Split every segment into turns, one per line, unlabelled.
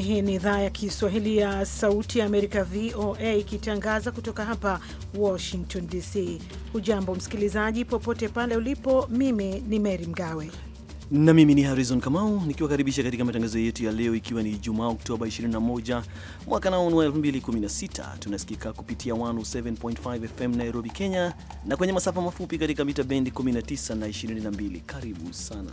Hii ni idhaa ya Kiswahili ya Sauti ya Amerika, VOA, ikitangaza kutoka hapa Washington DC. Hujambo msikilizaji, popote pale ulipo. Mimi ni Mary Mgawe
na mimi ni Harrison Kamau nikiwakaribisha katika matangazo yetu ya leo, ikiwa ni Ijumaa Oktoba 21 mwaka nao wa 2016. Tunasikika kupitia 107.5 FM Nairobi, Kenya, na kwenye masafa mafupi katika mita bendi 19 na 22. Karibu sana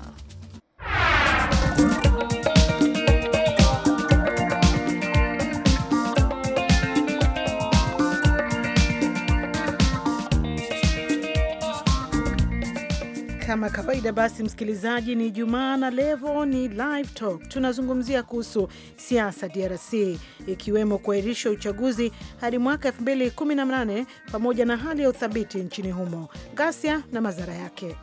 Kama kawaida basi, msikilizaji, ni Jumaa na levo ni live talk. Tunazungumzia kuhusu siasa DRC, ikiwemo kuahirisha uchaguzi hadi mwaka 2018 pamoja na hali ya uthabiti nchini humo, ghasia na madhara yake.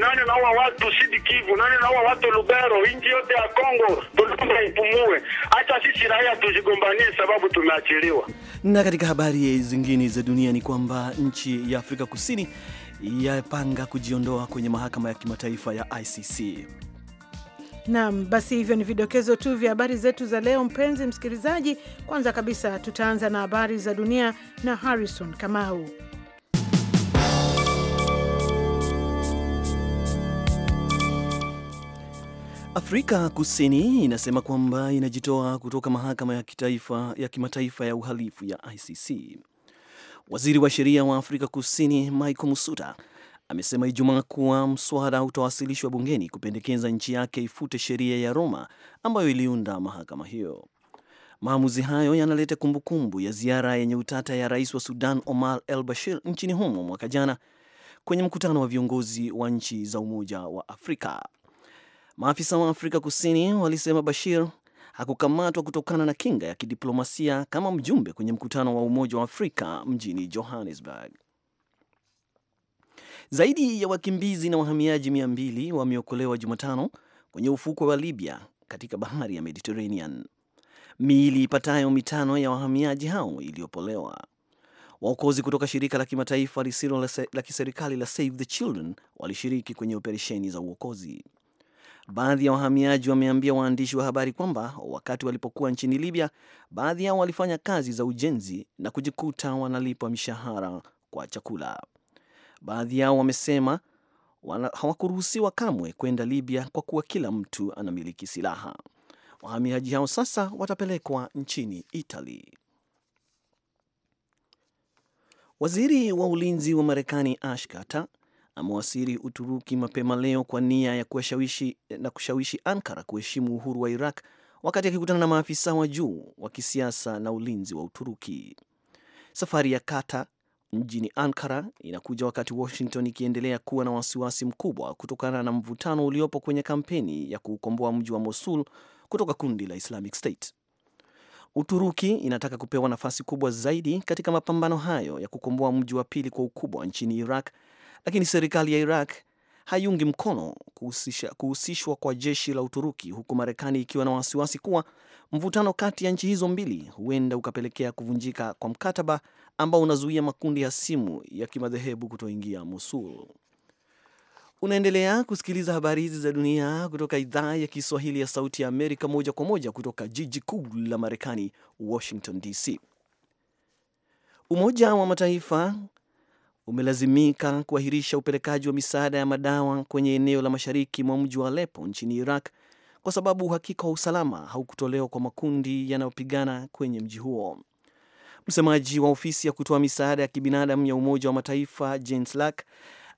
Nani naua watu Sidi Kivu? Nani naua watu Lubero? Nchi yote ya Kongo tuliomba ipumue. Hata sisi raia tuzigombanie sababu tumeachiliwa.
Na katika habari zingine za dunia ni kwamba nchi ya Afrika Kusini yapanga kujiondoa kwenye mahakama ya kimataifa ya ICC.
Naam, basi hivyo ni vidokezo tu vya habari zetu za leo, mpenzi msikilizaji. Kwanza kabisa tutaanza na habari za dunia na Harrison Kamau.
Afrika Kusini inasema kwamba inajitoa kutoka mahakama ya kitaifa ya kimataifa ya uhalifu ya ICC. Waziri wa sheria wa Afrika Kusini Michael Musuta amesema Ijumaa kuwa mswada utawasilishwa bungeni kupendekeza nchi yake ifute sheria ya Roma ambayo iliunda mahakama hiyo. Maamuzi hayo yanaleta kumbukumbu ya ziara yenye utata ya rais wa Sudan Omar el Bashir nchini humo mwaka jana kwenye mkutano wa viongozi wa nchi za Umoja wa Afrika. Maafisa wa Afrika Kusini walisema Bashir hakukamatwa kutokana na kinga ya kidiplomasia kama mjumbe kwenye mkutano wa Umoja wa Afrika mjini Johannesburg. Zaidi ya wakimbizi na wahamiaji mia mbili wameokolewa Jumatano kwenye ufukwe wa Libya katika bahari ya Mediterranean. Miili ipatayo mitano ya wahamiaji hao iliyopolewa. Waokozi kutoka shirika la kimataifa lisilo la kiserikali la Save the Children walishiriki kwenye operesheni za uokozi. Baadhi ya wahamiaji wameambia waandishi wa habari kwamba wakati walipokuwa nchini Libya, baadhi yao walifanya kazi za ujenzi na kujikuta wanalipwa mishahara kwa chakula. Baadhi yao wamesema hawakuruhusiwa kamwe kwenda Libya kwa kuwa kila mtu anamiliki silaha. Wahamiaji hao sasa watapelekwa nchini Italy. Waziri wa ulinzi wa Marekani Ash Carter amewasili Uturuki mapema leo kwa nia ya kuwashawishi eh, na kushawishi Ankara kuheshimu uhuru wa Iraq wakati akikutana na maafisa wa juu wa kisiasa na ulinzi wa Uturuki. Safari ya Kata mjini Ankara inakuja wakati Washington ikiendelea kuwa na wasiwasi mkubwa kutokana na mvutano uliopo kwenye kampeni ya kuukomboa mji wa Mosul kutoka kundi la Islamic State. Uturuki inataka kupewa nafasi kubwa zaidi katika mapambano hayo ya kukomboa mji wa pili kwa ukubwa nchini Iraq lakini serikali ya Iraq haiungi mkono kuhusisha, kuhusishwa kwa jeshi la Uturuki, huku Marekani ikiwa na wasiwasi kuwa mvutano kati ya nchi hizo mbili huenda ukapelekea kuvunjika kwa mkataba ambao unazuia makundi ya simu ya kimadhehebu kutoingia Mosul. Unaendelea kusikiliza habari hizi za dunia kutoka idhaa ya Kiswahili ya Sauti ya Amerika, moja kwa moja kutoka jiji kuu la Marekani, Washington DC. Umoja wa Mataifa umelazimika kuahirisha upelekaji wa misaada ya madawa kwenye eneo la mashariki mwa mji wa Aleppo nchini Iraq kwa sababu uhakika wa usalama haukutolewa kwa makundi yanayopigana kwenye mji huo. Msemaji wa ofisi ya kutoa misaada ya kibinadamu ya Umoja wa Mataifa James Lack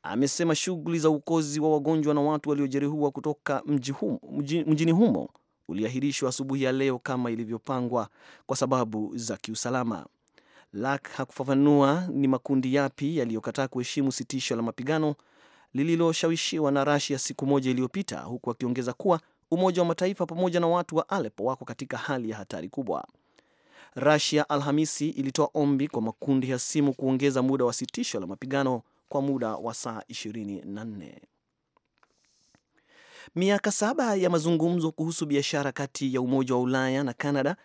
amesema shughuli za uokozi wa wagonjwa na watu waliojeruhiwa kutoka mji humo, mjini humo uliahirishwa asubuhi ya leo kama ilivyopangwa kwa sababu za kiusalama. Lak hakufafanua ni makundi yapi yaliyokataa kuheshimu sitisho la mapigano lililoshawishiwa na Rasia siku moja iliyopita, huku akiongeza kuwa Umoja wa Mataifa pamoja na watu wa Aleppo wako katika hali ya hatari kubwa. Rasia Alhamisi ilitoa ombi kwa makundi ya simu kuongeza muda wa sitisho la mapigano kwa muda wa saa 24. Miaka saba ya mazungumzo kuhusu biashara kati ya Umoja wa Ulaya na canada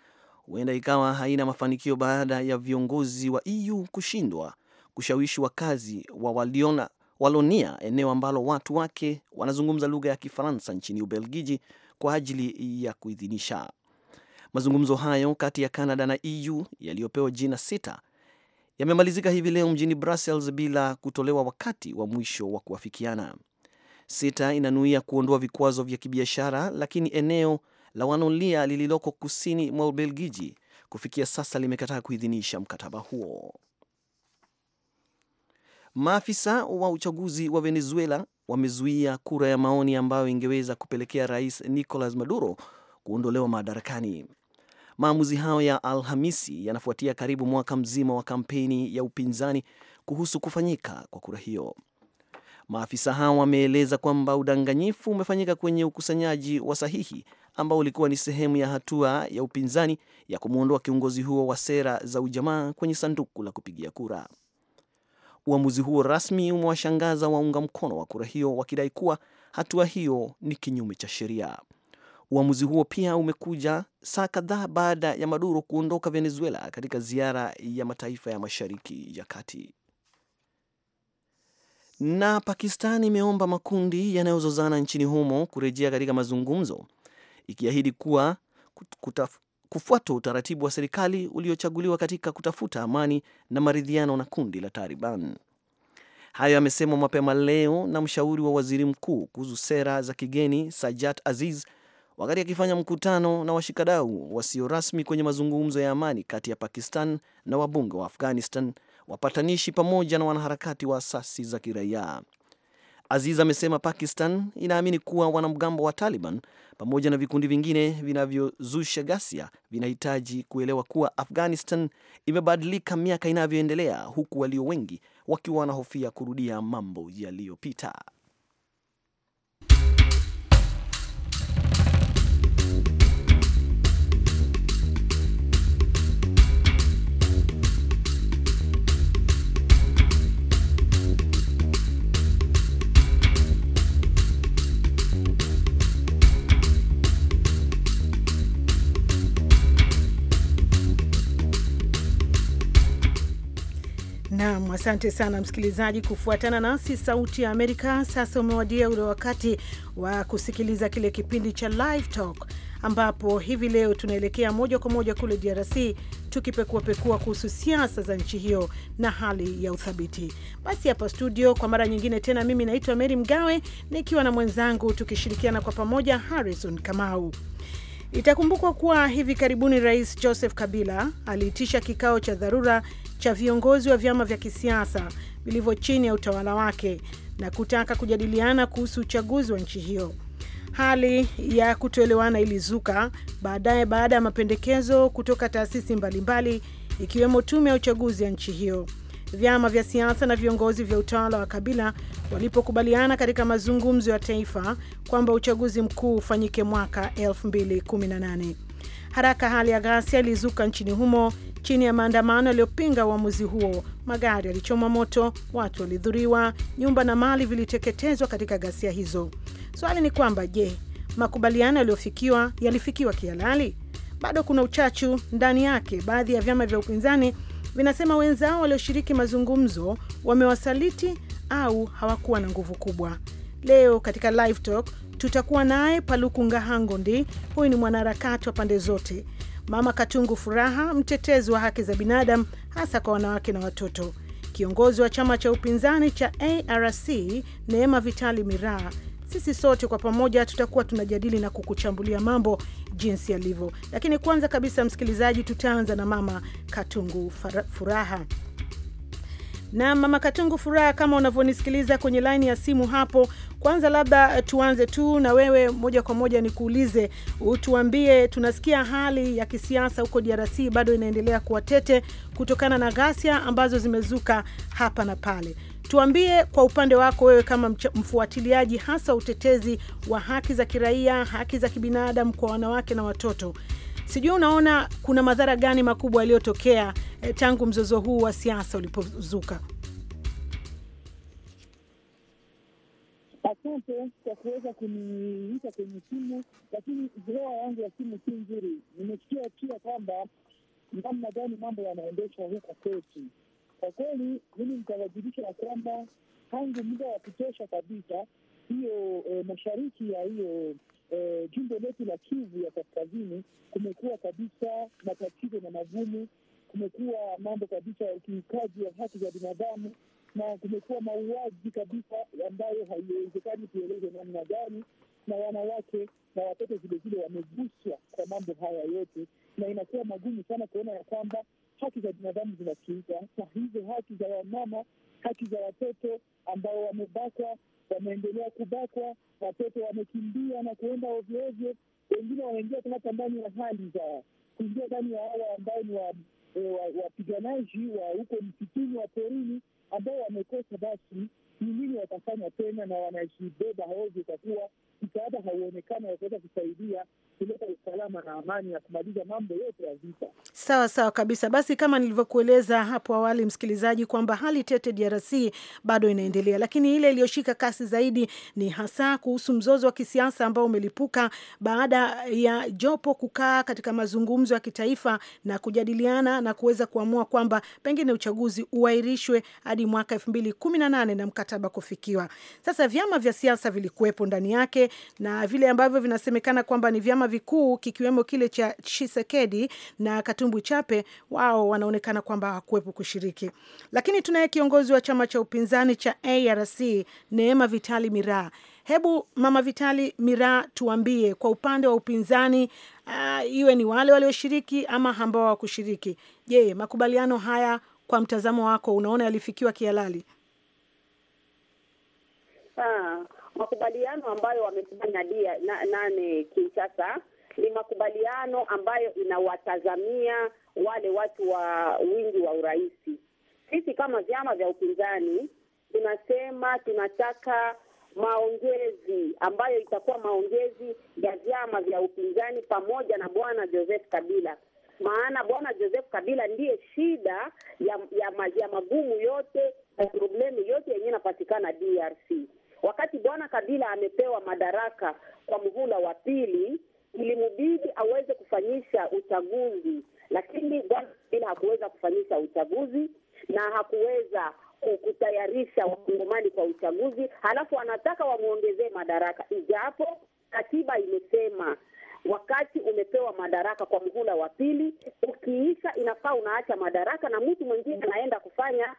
huenda ikawa haina mafanikio baada ya viongozi wa EU kushindwa kushawishi wakazi wa waliona, Walonia, eneo ambalo watu wake wanazungumza lugha ya Kifaransa nchini Ubelgiji, kwa ajili ya kuidhinisha. Mazungumzo hayo kati ya Canada na EU yaliyopewa jina sita yamemalizika hivi leo mjini Brussels bila kutolewa wakati wa mwisho wa kuafikiana. Sita inanuia kuondoa vikwazo vya kibiashara, lakini eneo la wanolia lililoko kusini mwa Ubelgiji kufikia sasa limekataa kuidhinisha mkataba huo. Maafisa wa uchaguzi wa Venezuela wamezuia kura ya maoni ambayo ingeweza kupelekea rais Nicolas Maduro kuondolewa madarakani. Maamuzi hayo ya Alhamisi yanafuatia karibu mwaka mzima wa kampeni ya upinzani kuhusu kufanyika kwa kura hiyo. Maafisa hao wameeleza kwamba udanganyifu umefanyika kwenye ukusanyaji wa sahihi ambao ulikuwa ni sehemu ya hatua ya upinzani ya kumwondoa kiongozi huo wa sera za ujamaa kwenye sanduku la kupigia kura. Uamuzi huo rasmi umewashangaza waunga mkono wa kura hiyo wakidai kuwa hatua hiyo ni kinyume cha sheria. Uamuzi huo pia umekuja saa kadhaa baada ya Maduro kuondoka Venezuela katika ziara ya mataifa ya Mashariki ya Kati. Na Pakistan imeomba makundi yanayozozana nchini humo kurejea katika mazungumzo, ikiahidi kuwa kutaf, kufuata utaratibu wa serikali uliochaguliwa katika kutafuta amani na maridhiano na kundi la Taliban. Hayo yamesemwa mapema leo na mshauri wa waziri mkuu kuhusu sera za kigeni Sajat Aziz wakati akifanya mkutano na washikadau wasio rasmi kwenye mazungumzo ya amani kati ya Pakistan na wabunge wa Afghanistan wapatanishi pamoja na wanaharakati wa asasi za kiraia. Aziz amesema Pakistan inaamini kuwa wanamgambo wa Taliban pamoja na vikundi vingine vinavyozusha ghasia vinahitaji kuelewa kuwa Afghanistan imebadilika miaka inavyoendelea, huku walio wengi wakiwa wanahofia kurudia mambo yaliyopita.
Naam, asante sana msikilizaji kufuatana nasi. Sauti ya Amerika sasa umewadia ule wakati wa kusikiliza kile kipindi cha Live Talk ambapo hivi leo tunaelekea moja kwa moja kule DRC tukipekuapekua kuhusu siasa za nchi hiyo na hali ya uthabiti. Basi hapa studio kwa mara nyingine tena, mimi naitwa Meri Mgawe nikiwa na mwenzangu tukishirikiana kwa pamoja Harrison Kamau. Itakumbukwa kuwa hivi karibuni Rais Joseph Kabila aliitisha kikao cha dharura cha viongozi wa vyama vya kisiasa vilivyo chini ya utawala wake na kutaka kujadiliana kuhusu uchaguzi wa nchi hiyo. Hali ya kutoelewana ilizuka baadaye baada ya mapendekezo kutoka taasisi mbalimbali ikiwemo tume ya uchaguzi ya nchi hiyo. Vyama vya siasa na viongozi vya utawala wa Kabila walipokubaliana katika mazungumzo ya taifa kwamba uchaguzi mkuu ufanyike mwaka 2018. Haraka hali ya ghasia ilizuka nchini humo chini ya maandamano yaliyopinga uamuzi huo. Magari yalichoma moto, watu walidhuriwa, nyumba na mali viliteketezwa katika ghasia hizo. Swali ni kwamba je, makubaliano yaliyofikiwa yalifikiwa kihalali? Bado kuna uchachu ndani yake. Baadhi ya vyama vya upinzani vinasema wenzao walioshiriki mazungumzo wamewasaliti au hawakuwa na nguvu kubwa. Leo katika Live Talk Tutakuwa naye Paluku Ngahangondi, huyu ni mwanaharakati wa pande zote, Mama Katungu Furaha, mtetezi wa haki za binadamu hasa kwa wanawake na watoto, kiongozi wa chama cha upinzani cha ARC Neema Vitali Miraa. Sisi sote kwa pamoja tutakuwa tunajadili na kukuchambulia mambo jinsi yalivyo, lakini kwanza kabisa, msikilizaji, tutaanza na Mama Katungu Furaha na Mama Katungu Furaha, kama unavyonisikiliza kwenye laini ya simu hapo. Kwanza labda eh, tuanze tu na wewe moja kwa moja, nikuulize utuambie, tunasikia hali ya kisiasa huko DRC bado inaendelea kuwa tete kutokana na ghasia ambazo zimezuka hapa na pale. Tuambie kwa upande wako wewe kama mfuatiliaji hasa utetezi wa haki za kiraia, haki za kibinadamu kwa wanawake na watoto, Sijui unaona kuna madhara gani makubwa yaliyotokea eh, tangu mzozo huu wa siasa ulipozuka?
Asante kwa kuweza kuniita kwenye simu, lakini zoa yangu ya simu si nzuri. Nimesikia pia kwamba namna gani mambo yanaendeshwa huko kwetu. Kwa kweli, mimi nitawajibisha ya kwamba tangu muda wa kutosha kabisa hiyo e, mashariki ya hiyo e, jimbo letu la Kivu ya kaskazini kumekuwa kabisa matatizo na magumu, kumekuwa mambo kabisa ya ukiukaji wa haki za binadamu na kumekuwa mauaji kabisa ambayo haiwezekani kueleza namna gani, na wanawake na watoto vilevile wameguswa kwa mambo haya yote, na inakuwa magumu sana kuona ya kwamba haki za binadamu zinakiuka, na hizo haki za wamama, haki za watoto ambao wamebakwa wameendelea kubakwa, watoto wamekimbia na kuenda ovyoovyo, wengine wanaingia hata ndani ya hali za kuingia ndani ya hawa ambao ni eh, wapiganaji wa huko msituni wa porini, ambao wamekosa basi ni nini watafanya tena, na wanajibeba haovyo, kwa kuwa msaada hauonekana wakuweza kusaidia kuleta usalama na amani na kumaliza mambo yote ya vita.
Sawa sawa kabisa. Basi kama nilivyokueleza hapo awali, msikilizaji, kwamba hali tete DRC bado inaendelea, lakini ile iliyoshika kasi zaidi ni hasa kuhusu mzozo wa kisiasa ambao umelipuka baada ya jopo kukaa katika mazungumzo ya kitaifa na kujadiliana na kuweza kuamua kwamba pengine uchaguzi uahirishwe hadi mwaka elfu mbili kumi na nane na mkataba kufikiwa. Sasa vyama vya siasa vilikuwepo ndani yake na vile ambavyo vinasemekana kwamba ni vyama vikuu kikiwemo kile cha Chisekedi na Katumbu Chape, wao wanaonekana kwamba hawakuwepo kushiriki. Lakini tunaye kiongozi wa chama cha upinzani cha ARC Neema Vitali Miraa. Hebu Mama Vitali Miraa, tuambie kwa upande wa upinzani uh, iwe ni wale walioshiriki ama ambao hawakushiriki. Je, makubaliano haya kwa mtazamo wako unaona yalifikiwa kihalali?
Ah, makubaliano ambayo wamefanya dia na, nane Kinshasa ni makubaliano ambayo inawatazamia wale watu wa wingi wa urahisi. Sisi kama vyama vya upinzani tunasema tunataka maongezi ambayo itakuwa maongezi ya vyama vya upinzani pamoja na bwana Joseph Kabila, maana bwana Joseph Kabila ndiye shida ya, ya, ya magumu yote na problemu yote yenyewe inapatikana DRC. Wakati bwana Kabila amepewa madaraka kwa muhula wa pili, ilimubidi aweze kufanyisha uchaguzi, lakini bwana Kabila hakuweza kufanyisha uchaguzi na hakuweza kutayarisha wakongomani kwa uchaguzi, halafu anataka wamwongezee madaraka, ijapo katiba imesema wakati umepewa madaraka kwa mhula wa pili, ukiisha inafaa unaacha madaraka na mtu mwingine anaenda kufanya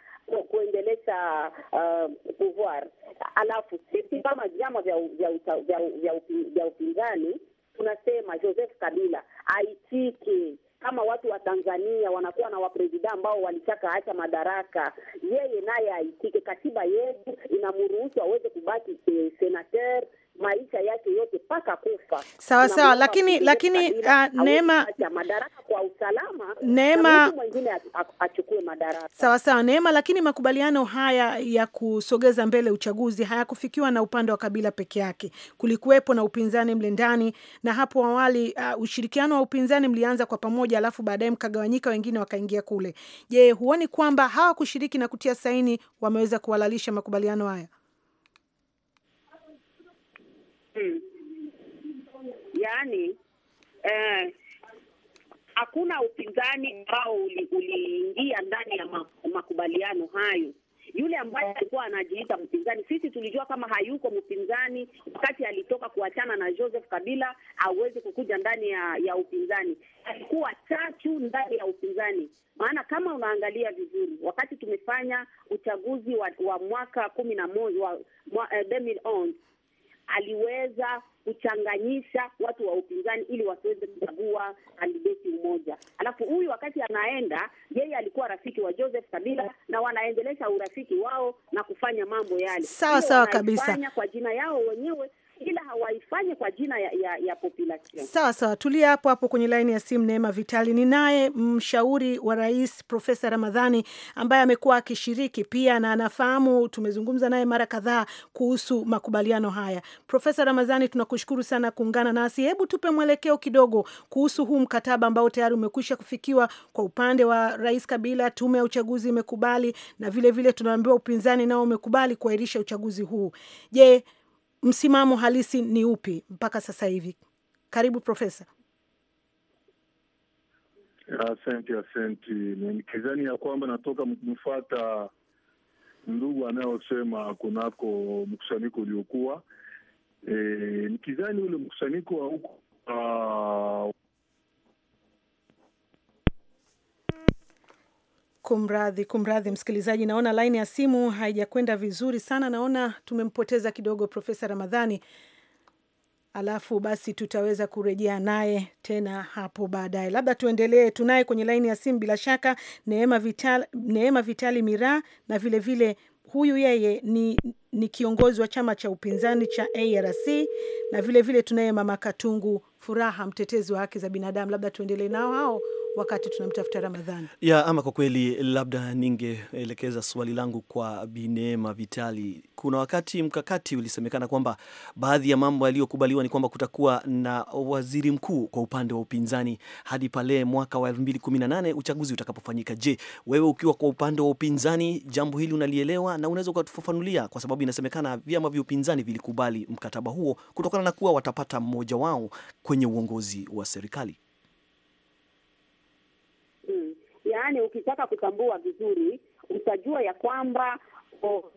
kuendeleza uh, pouvoir. Alafu sisi kama vyama vya upinzani tunasema Joseph Kabila aitike kama watu wa Tanzania wanakuwa na waprezida ambao walitaka acha madaraka, yeye naye aitike. Katiba yetu inamruhusu aweze kubaki eh, senateur maisha yake yote mpaka kufa. Sawa sawa, lakini lakini uh, Neema madaraka kwa usalama, Neema mwingine achukue madaraka.
Sawa sawa, Neema, lakini makubaliano haya ya kusogeza mbele uchaguzi hayakufikiwa na upande wa kabila peke yake, kulikuwepo na upinzani mle ndani, na hapo awali uh, ushirikiano wa upinzani mlianza kwa pamoja, alafu baadaye mkagawanyika, wengine wakaingia kule. Je, huoni kwamba hawakushiriki na kutia saini wameweza kuhalalisha makubaliano
haya?
yani
hmm.
Yaani eh, hakuna upinzani ambao uliingia uli ndani ya makubaliano hayo. Yule ambaye alikuwa anajiita mpinzani, sisi tulijua kama hayuko mpinzani wakati alitoka kuachana na Joseph Kabila, awezi kukuja ndani ya, ya upinzani. Alikuwa chachu ndani ya upinzani, maana kama unaangalia vizuri, wakati tumefanya uchaguzi wa, wa mwaka kumi na moja wa, mwa, eh, aliweza kuchanganyisha watu wa upinzani ili wasiweze kuchagua kandideti mmoja. Alafu huyu wakati anaenda, yeye alikuwa rafiki wa Joseph Kabila na wanaendelesha urafiki wao na kufanya mambo yale sawa sawa kabisa kwa jina yao wenyewe ila hawaifanyi kwa jina ya, ya, ya population. Sawa
sawa, tulia hapo hapo kwenye laini ya simu. Neema Vitali ni naye mshauri wa rais Profesa Ramadhani ambaye amekuwa akishiriki pia na anafahamu, tumezungumza naye mara kadhaa kuhusu makubaliano haya. Profesa Ramadhani, tunakushukuru sana kuungana nasi. Hebu tupe mwelekeo kidogo kuhusu huu mkataba ambao tayari umekwisha kufikiwa kwa upande wa Rais Kabila, tume ya uchaguzi imekubali na vilevile tunaambiwa upinzani nao umekubali kuahirisha uchaguzi huu. Je, msimamo halisi ni upi mpaka sasa hivi? Karibu Profesa.
Asante, asante. Nikizani ya kwamba natoka mfata ndugu anayosema kunako mkusanyiko uliokuwa e, nikizani ule mkusanyiko uh,
Kumradhi, kumradhi msikilizaji, naona laini ya simu haijakwenda vizuri sana, naona tumempoteza kidogo Profesa Ramadhani, alafu basi tutaweza kurejea naye tena hapo baadaye. Labda tuendelee, tunaye kwenye laini ya simu bila shaka Neema Vitali, Neema Vitali Miraa, na vilevile vile huyu yeye ni, ni kiongozi wa chama cha upinzani cha ARC na vilevile tunaye Mama Katungu Furaha, mtetezi wa haki za binadamu. Labda tuendelee nao hao wakati tunamtafuta Ramadhani.
Ya ama kwa kweli, labda ningeelekeza swali langu kwa Bineema Vitali. Kuna wakati mkakati ulisemekana kwamba baadhi ya mambo yaliyokubaliwa ni kwamba kutakuwa na waziri mkuu kwa upande wa upinzani hadi pale mwaka wa 2018 uchaguzi utakapofanyika. Je, wewe ukiwa kwa upande wa upinzani jambo hili unalielewa na unaweza ukatufafanulia? Kwa sababu inasemekana vyama vya upinzani vilikubali mkataba huo kutokana na kuwa watapata mmoja wao kwenye uongozi wa serikali.
yaani ukitaka kutambua vizuri utajua ya kwamba o,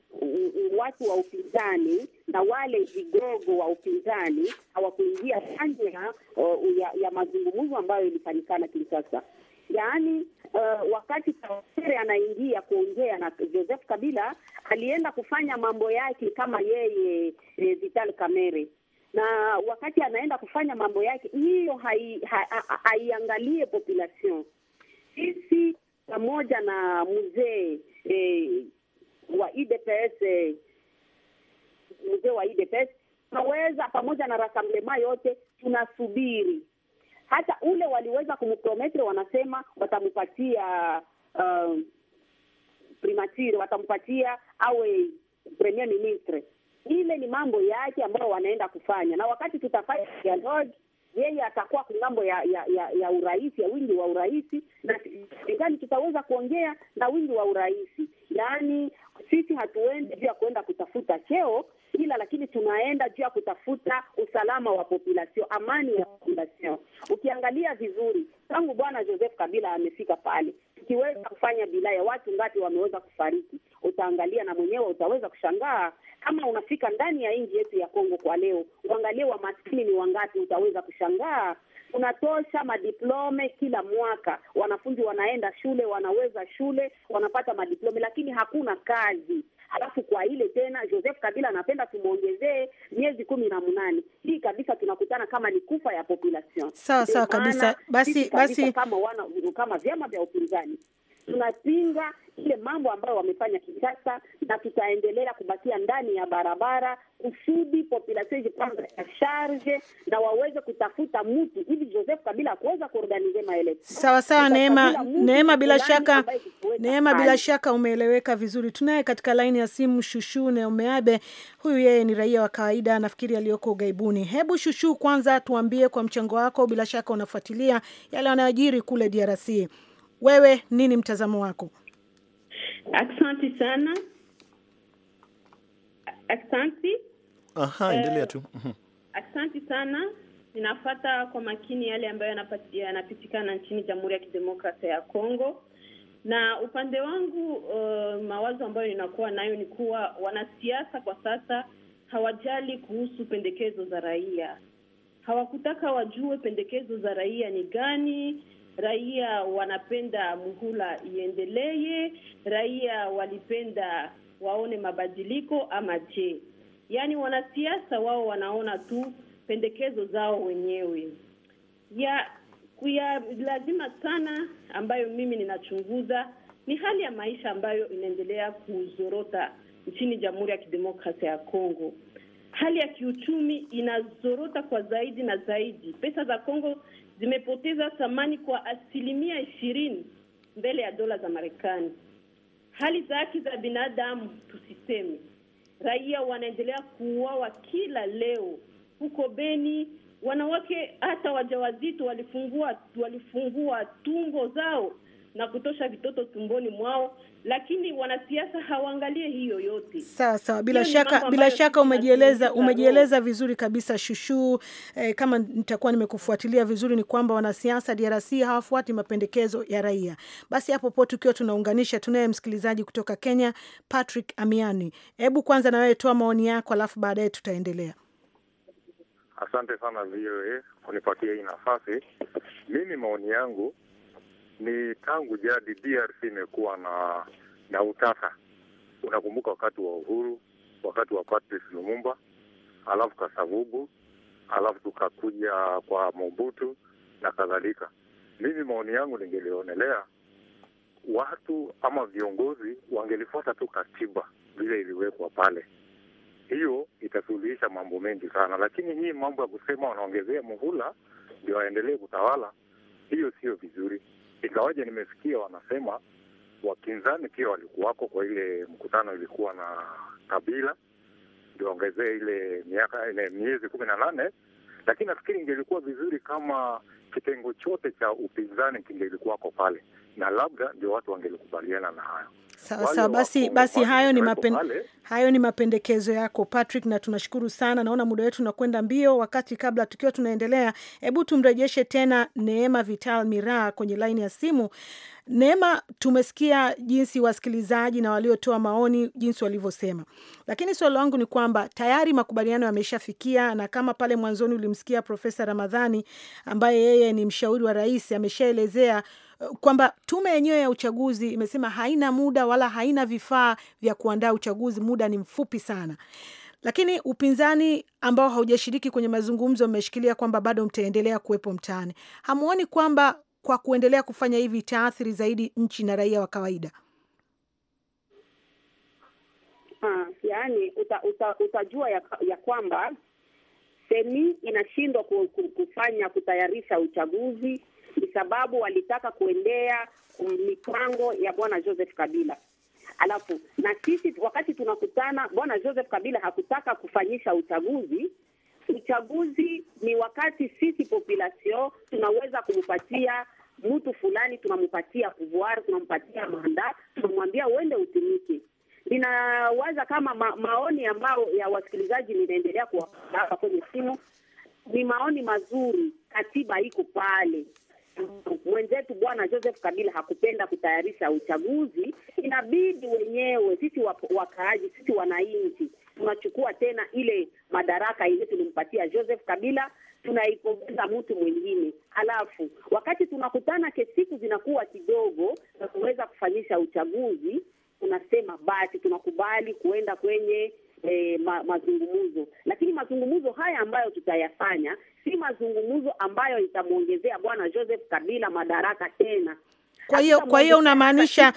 watu wa upinzani na wale vigogo wa upinzani hawakuingia kanje ya, ya mazungumzo ambayo ilifanyikana kisasa Yaani uh, wakati Kabore anaingia kuongea na Joseph Kabila alienda kufanya mambo yake kama yeye e, Vital kamere na wakati anaenda kufanya mambo yake hiyo haiangalie hai, hai population sisi pamoja na mzee eh, wa IDPS eh, mzee wa IDPS tunaweza pamoja na rasamblema yote tunasubiri hata ule waliweza kumprometre, wanasema watampatia uh, um, primatire, watampatia awe premier ministre. Ile ni mambo yake ambayo wanaenda kufanya, na wakati tutafanya dialogue yeye atakuwa ng'ambo ya ya, ya, ya urais ya wingi wa urahisi na sidhani tutaweza kuongea na wingi wa urahisi Yaani sisi hatuendi juu ya kuenda kutafuta cheo, ila lakini tunaenda juu ya kutafuta usalama wa population, amani ya population. Ukiangalia vizuri, tangu bwana Joseph Kabila amefika pale, tukiweza kufanya bilaya, watu ngapi wameweza kufariki? Utaangalia na mwenyewe utaweza kushangaa. Kama unafika ndani ya nchi yetu ya Kongo kwa leo, uangalie wamaskini ni wangapi, utaweza kushangaa. unatosha madiplome kila mwaka, wanafunzi wanaenda shule, wanaweza shule, wanapata madiplome, lakini hakuna kazi alafu kwa ile tena Joseph Kabila anapenda tumwongezee miezi kumi na mnane. Hii kabisa tunakutana kama ni kufa ya population. Sawa sawa kabisa, basi basi, kama wana kama vyama vya upinzani tunapinga ile mambo ambayo wamefanya kisasa, na tutaendelea kubakia ndani ya barabara kusudi population ijipange ya sharge na waweze kutafuta mtu ili Joseph Kabila akuweza kuorganize maelezo sawa sawa. Neema, Neema, bila shaka
Neema, bila shaka umeeleweka vizuri. Tunaye katika laini ya simu Shushu neomeabe huyu yeye ni raia wa kawaida, nafikiri aliyoko ugaibuni. Hebu Shushu, kwanza tuambie kwa mchango wako, bila shaka unafuatilia yale yanayojiri kule DRC wewe nini mtazamo wako?
Asante sana, asante. Aha, eh, endelea tu. Mhm. Asante sana, ninafata kwa makini yale ambayo yanapitikana nchini Jamhuri ya Kidemokrasia ya Kongo na upande wangu uh, mawazo ambayo ninakuwa nayo ni kuwa wanasiasa kwa sasa hawajali kuhusu pendekezo za raia, hawakutaka wajue pendekezo za raia ni gani, raia wanapenda muhula iendelee, raia walipenda waone mabadiliko ama je? Yaani wanasiasa wao wanaona tu pendekezo zao wenyewe ya kuya. Lazima sana ambayo mimi ninachunguza ni hali ya maisha ambayo inaendelea kuzorota nchini Jamhuri ya Kidemokrasia ya Kongo. Hali ya kiuchumi inazorota kwa zaidi na zaidi. Pesa za Kongo zimepoteza thamani kwa asilimia ishirini mbele ya dola za Marekani. Hali za haki za binadamu tusiseme, raia wanaendelea kuuawa kila leo. Huko Beni wanawake hata wajawazito walifungua walifungua tungo zao na kutosha vitoto tumboni mwao, lakini wanasiasa hawaangalie hiyo yote. Sawa sawa, bila shaka, bila shaka umejieleza, umejieleza
vizuri kabisa Shushu. Eh, kama nitakuwa nimekufuatilia vizuri, ni kwamba wanasiasa DRC hawafuati mapendekezo ya raia. Basi hapo po tukiwa tunaunganisha, tunaye msikilizaji kutoka Kenya, Patrick Amiani. Hebu kwanza na wewe toa maoni yako, alafu baadaye tutaendelea.
Asante sana VOA kunipatia hii nafasi. Mimi maoni yangu ni tangu jadi DRC imekuwa na na utata. Unakumbuka wakati wa uhuru, wakati wa Patrice Lumumba, alafu Kasavubu, alafu tukakuja kwa Mobutu na kadhalika. Mimi maoni yangu ningelionelea watu ama viongozi wangelifuata tu katiba vile iliwekwa pale, hiyo itasuluhisha mambo mengi sana. Lakini hii mambo ya kusema wanaongezea muhula ndio waendelee kutawala, hiyo sio vizuri ingawaje nimesikia wanasema wapinzani pia walikuwako kwa ile mkutano, ilikuwa na Kabila ndio ile miaka ile miezi kumi na nane, lakini nafikiri ingelikuwa vizuri kama kitengo chote cha upinzani kingelikuwako pale, na labda ndio watu wangelikubaliana na hayo. Sawa sawa, basi, basi hayo ni mapen...
hayo ni mapendekezo yako Patrick, na tunashukuru sana. Naona muda wetu unakwenda mbio, wakati kabla tukiwa tunaendelea, hebu tumrejeshe tena Neema Vital Miraa kwenye laini ya simu. Neema, tumesikia jinsi wasikilizaji na waliotoa maoni jinsi walivyosema, lakini swali langu ni kwamba tayari makubaliano yameshafikia, na kama pale mwanzoni ulimsikia Profesa Ramadhani ambaye yeye ni mshauri wa rais ameshaelezea kwamba tume yenyewe ya uchaguzi imesema haina muda wala haina vifaa vya kuandaa uchaguzi, muda ni mfupi sana. Lakini upinzani ambao haujashiriki kwenye mazungumzo umeshikilia kwamba bado mtaendelea kuwepo mtaani. Hamuoni kwamba kwa kuendelea kufanya hivi itaathiri zaidi nchi na raia wa kawaida?
Ha, ah, yani uta, uta, utajua ya, ya kwamba semi inashindwa kufanya kutayarisha uchaguzi ni sababu walitaka kuendea mipango ya bwana Joseph Kabila. Alafu na sisi wakati tunakutana, bwana Joseph Kabila hakutaka kufanyisha uchaguzi. Uchaguzi ni wakati sisi population tunaweza kumpatia mtu fulani, tunampatia pouvoir, tunampatia manda, tunamwambia uende utumike. Ninawaza kama ma maoni ambayo ya, ya wasikilizaji ninaendelea kuwapa kwenye simu ni maoni mazuri. Katiba iko pale, mwenzetu Bwana Joseph Kabila hakupenda kutayarisha uchaguzi. Inabidi wenyewe sisi wakaaji, sisi wananchi tunachukua tena ile madaraka yenyewe tulimpatia Joseph Kabila, tunaipoveza mtu mwingine. Halafu wakati tunakutana ke siku zinakuwa kidogo za kuweza kufanyisha uchaguzi, tunasema basi tunakubali kuenda kwenye e, ma, mazungumzo. Lakini mazungumzo haya ambayo tutayafanya si mazungumzo ambayo itamwongezea Bwana Joseph Kabila madaraka tena. Kwa hiyo kwa hiyo unamaanisha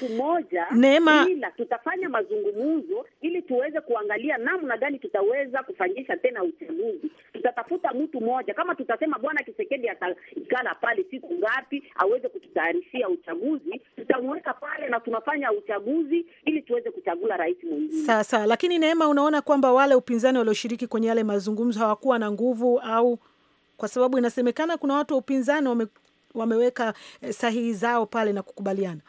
Neema, ila tutafanya mazungumzo ili tuweze kuangalia namna gani tutaweza kufanyisha tena uchaguzi tutatafuta mtu mmoja, kama tutasema bwana Kisekedi ataikala pale siku ngapi aweze kututayarishia uchaguzi, tutamweka pale na tunafanya uchaguzi ili tuweze kuchagula rais mwingine.
Sasa lakini, Neema, unaona kwamba wale upinzani walioshiriki kwenye yale mazungumzo hawakuwa na nguvu au kwa sababu inasemekana kuna watu wa upinzani wame, wameweka eh, sahihi zao pale na kukubaliana.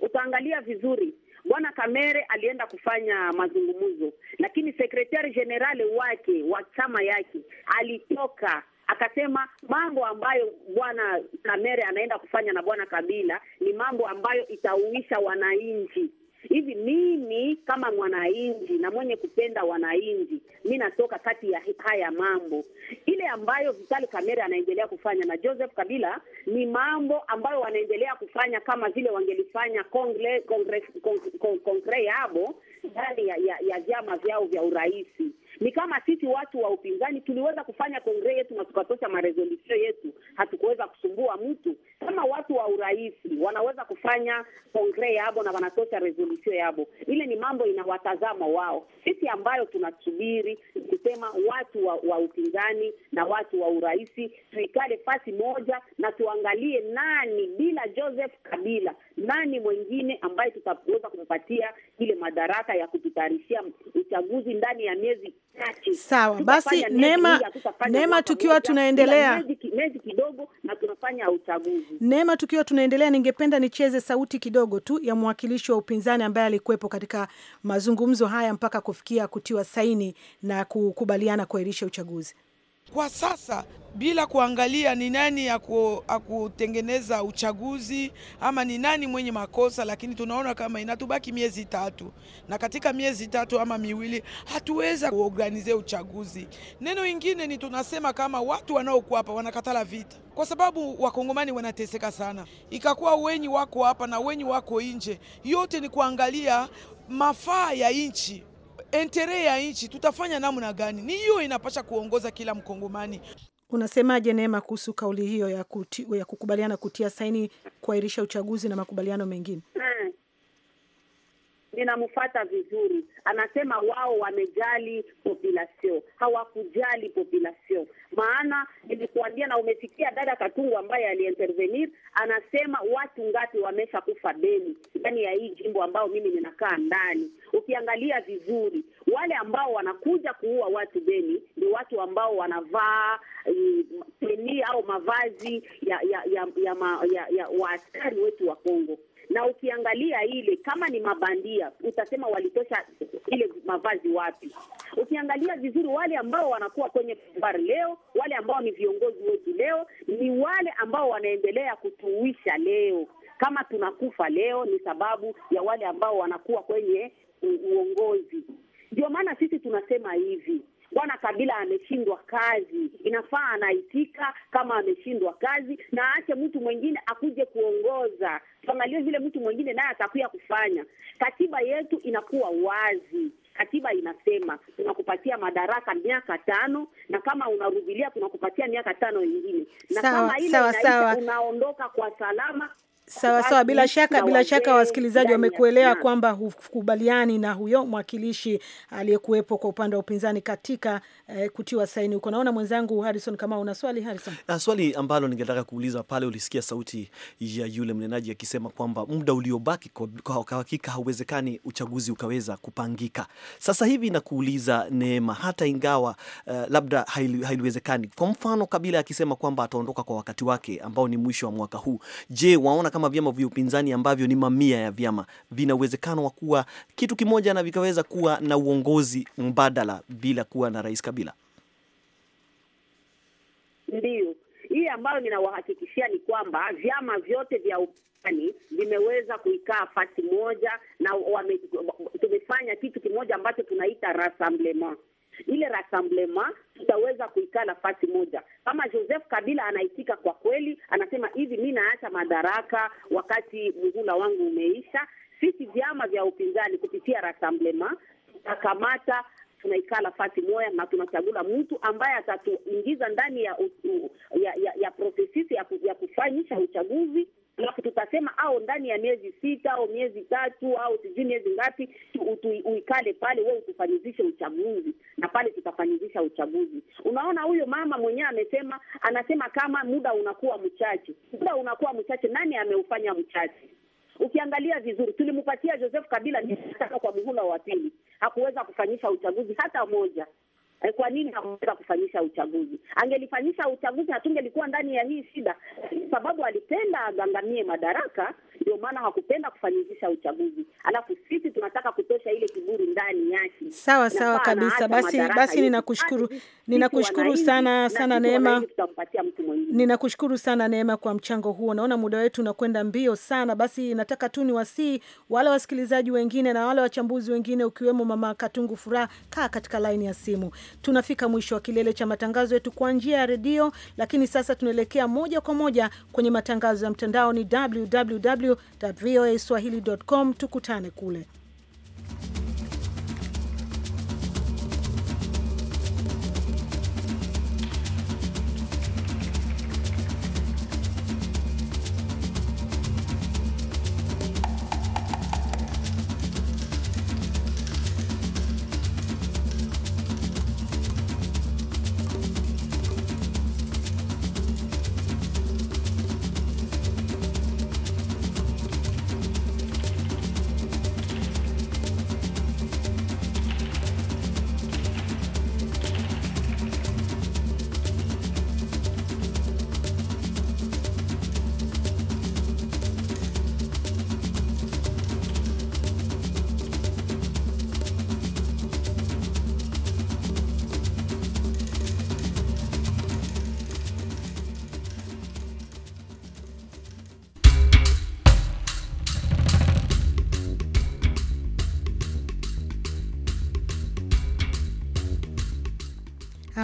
Utaangalia vizuri Bwana Kamere alienda kufanya mazungumzo, lakini sekretari jenerali wake wa chama yake alitoka akasema mambo ambayo bwana Kamere anaenda kufanya na bwana Kabila ni mambo ambayo itauisha wananchi hivi. Mimi kama mwananchi na mwenye kupenda wananchi, mi natoka kati ya haya mambo, ile ambayo Vitali Kamere anaendelea kufanya na Joseph Kabila ni mambo ambayo wanaendelea kufanya kama vile wangelifanya kongre, kongre, kongre, kongre yabo ndani ya, ya, ya vyama vyao vya urais. Ni kama sisi watu wa upinzani tuliweza kufanya kongre yetu na tukatosha maresolusio yetu, hatukuweza kusumbua mtu. Kama watu wa urais wanaweza kufanya kongre yabo na wanatosha resolusio yabo, ile ni mambo inawatazama wao. Sisi ambayo tunasubiri kusema watu wa, wa upinzani na watu wa urais tuikale fasi moja na tuangalie nani bila Joseph Kabila, nani mwingine ambaye tutaweza kumpatia ile madaraka haraka ya kututayarishia uchaguzi ndani ya miezi chache. Sawa basi, Neema, Neema, tukiwa tunaendelea miezi kidogo na tunafanya uchaguzi.
Neema, tukiwa tunaendelea, ningependa nicheze sauti kidogo tu ya mwakilishi wa upinzani ambaye alikuwepo katika mazungumzo haya mpaka kufikia kutiwa saini na kukubaliana kuahirisha uchaguzi kwa sasa bila kuangalia ni nani akutengeneza uchaguzi ama ni nani mwenye makosa, lakini tunaona kama inatubaki miezi tatu, na katika miezi tatu ama miwili hatuweza kuorganize uchaguzi. Neno ingine ni tunasema kama watu wanaokuwa hapa wanakatala vita, kwa sababu wakongomani wanateseka sana, ikakuwa wenyi wako hapa na wenyi wako nje, yote ni kuangalia mafaa ya nchi entere ya nchi tutafanya namna gani? Ni hiyo inapasha kuongoza kila Mkongomani. Unasemaje Neema kuhusu kauli hiyo ya, kuti, ya kukubaliana kutia saini kuahirisha uchaguzi na makubaliano mengine?
Hmm ninamfuata vizuri, anasema wao wamejali population, hawakujali population. Maana nilikuambia na umesikia dada Katungu ambaye aliintervenir, anasema watu ngapi wamesha kufa Beni, ndani ya hii jimbo ambao mimi ninakaa ndani. Ukiangalia vizuri, wale ambao wanakuja kuua watu Beni ni watu ambao wanavaa teni eh, au mavazi ya ya ya, ya, ya, ya, ya waaskari wetu wa Kongo na ukiangalia ile kama ni mabandia utasema walitosha ile mavazi wapi? Ukiangalia vizuri, wale ambao wanakuwa kwenye bar leo, wale ambao ni viongozi wetu leo, ni wale ambao wanaendelea kutuisha leo. Kama tunakufa leo, ni sababu ya wale ambao wanakuwa kwenye uongozi. Ndio maana sisi tunasema hivi Bwana Kabila ameshindwa kazi, inafaa anaitika kama ameshindwa kazi na aache mtu mwingine akuje kuongoza, tuangalie vile mtu mwingine naye atakuya kufanya. Katiba yetu inakuwa wazi, katiba inasema tunakupatia madaraka miaka tano, na kama unarudilia tunakupatia miaka tano ingine, na sawa, kama ile sawa, inaisha, sawa. Unaondoka kwa salama
Sawa sawa, bila shaka, bila shaka wasikilizaji wamekuelewa kwamba hukubaliani na huyo mwakilishi aliyekuwepo kwa upande wa upinzani katika eh, kutiwa saini huko. Naona mwenzangu Harrison kama una swali Harrison.
Na ah, swali ambalo ningetaka kuuliza pale, ulisikia sauti ya yule mnenaji akisema kwamba muda uliobaki kwa hakika hauwezekani uchaguzi ukaweza kupangika. Sasa hivi nakuuliza Neema, hata ingawa uh, labda hailiwezekani, kwa mfano Kabila akisema kwamba ataondoka kwa wakati wake ambao ni mwisho wa mwaka huu, je, waona kama vyama vya upinzani ambavyo ni mamia ya vyama vina uwezekano wa kuwa kitu kimoja na vikaweza kuwa na uongozi mbadala bila kuwa na rais Kabila? Kabila?
Ndiyo, hii ambayo ninawahakikishia ni kwamba vyama vyote vya upinzani vimeweza kuikaa fasi moja na wame, tumefanya kitu kimoja ambacho tunaita rassemblement ile rassemblement tutaweza kuikaa fasi moja. Kama Joseph Kabila anaitika kwa kweli, anasema hivi, mi naacha madaraka wakati muhula wangu umeisha. Sisi vyama vya upinzani kupitia rassemblement tutakamata tunaikala fati moya na tunachagula mtu ambaye atatuingiza ndani ya utu, ya, ya, ya prosesisi ya, ya kufanyisha uchaguzi alafu tutasema au ndani ya miezi sita au miezi tatu au sijui miezi ngapi uikale pale, we utufanyizishe uchaguzi, na pale tutafanyizisha uchaguzi. Unaona, huyo mama mwenyewe amesema, anasema kama muda unakuwa mchache, muda unakuwa mchache. Nani ameufanya mchache? Ukiangalia vizuri, tulimpatia Joseph Kabila miezi tano kwa muhula wa pili, hakuweza kufanyisha uchaguzi hata moja. E, kwa nini hakuweza kufanyisha uchaguzi? Angelifanyisha uchaguzi hatungelikuwa ndani ya hii shida, sababu alipenda agangamie madaraka ndio maana hakupenda kufanyizisha uchaguzi, alafu sisi tunataka kutosha ile kiburi ndani yake. Sawa sawa kabisa. Basi basi, ninakushukuru ninakushukuru sana sana Neema,
ninakushukuru sana Neema kwa mchango huo. Naona muda wetu unakwenda mbio sana, basi nataka tu niwasihi wale wasikilizaji wengine na wale wachambuzi wengine, ukiwemo Mama Katungu Furaha, kaa katika laini ya simu. Tunafika mwisho wa kilele cha matangazo yetu kwa njia ya redio, lakini sasa tunaelekea moja kwa moja kwenye matangazo ya mtandao ni www voa Tukutane kule.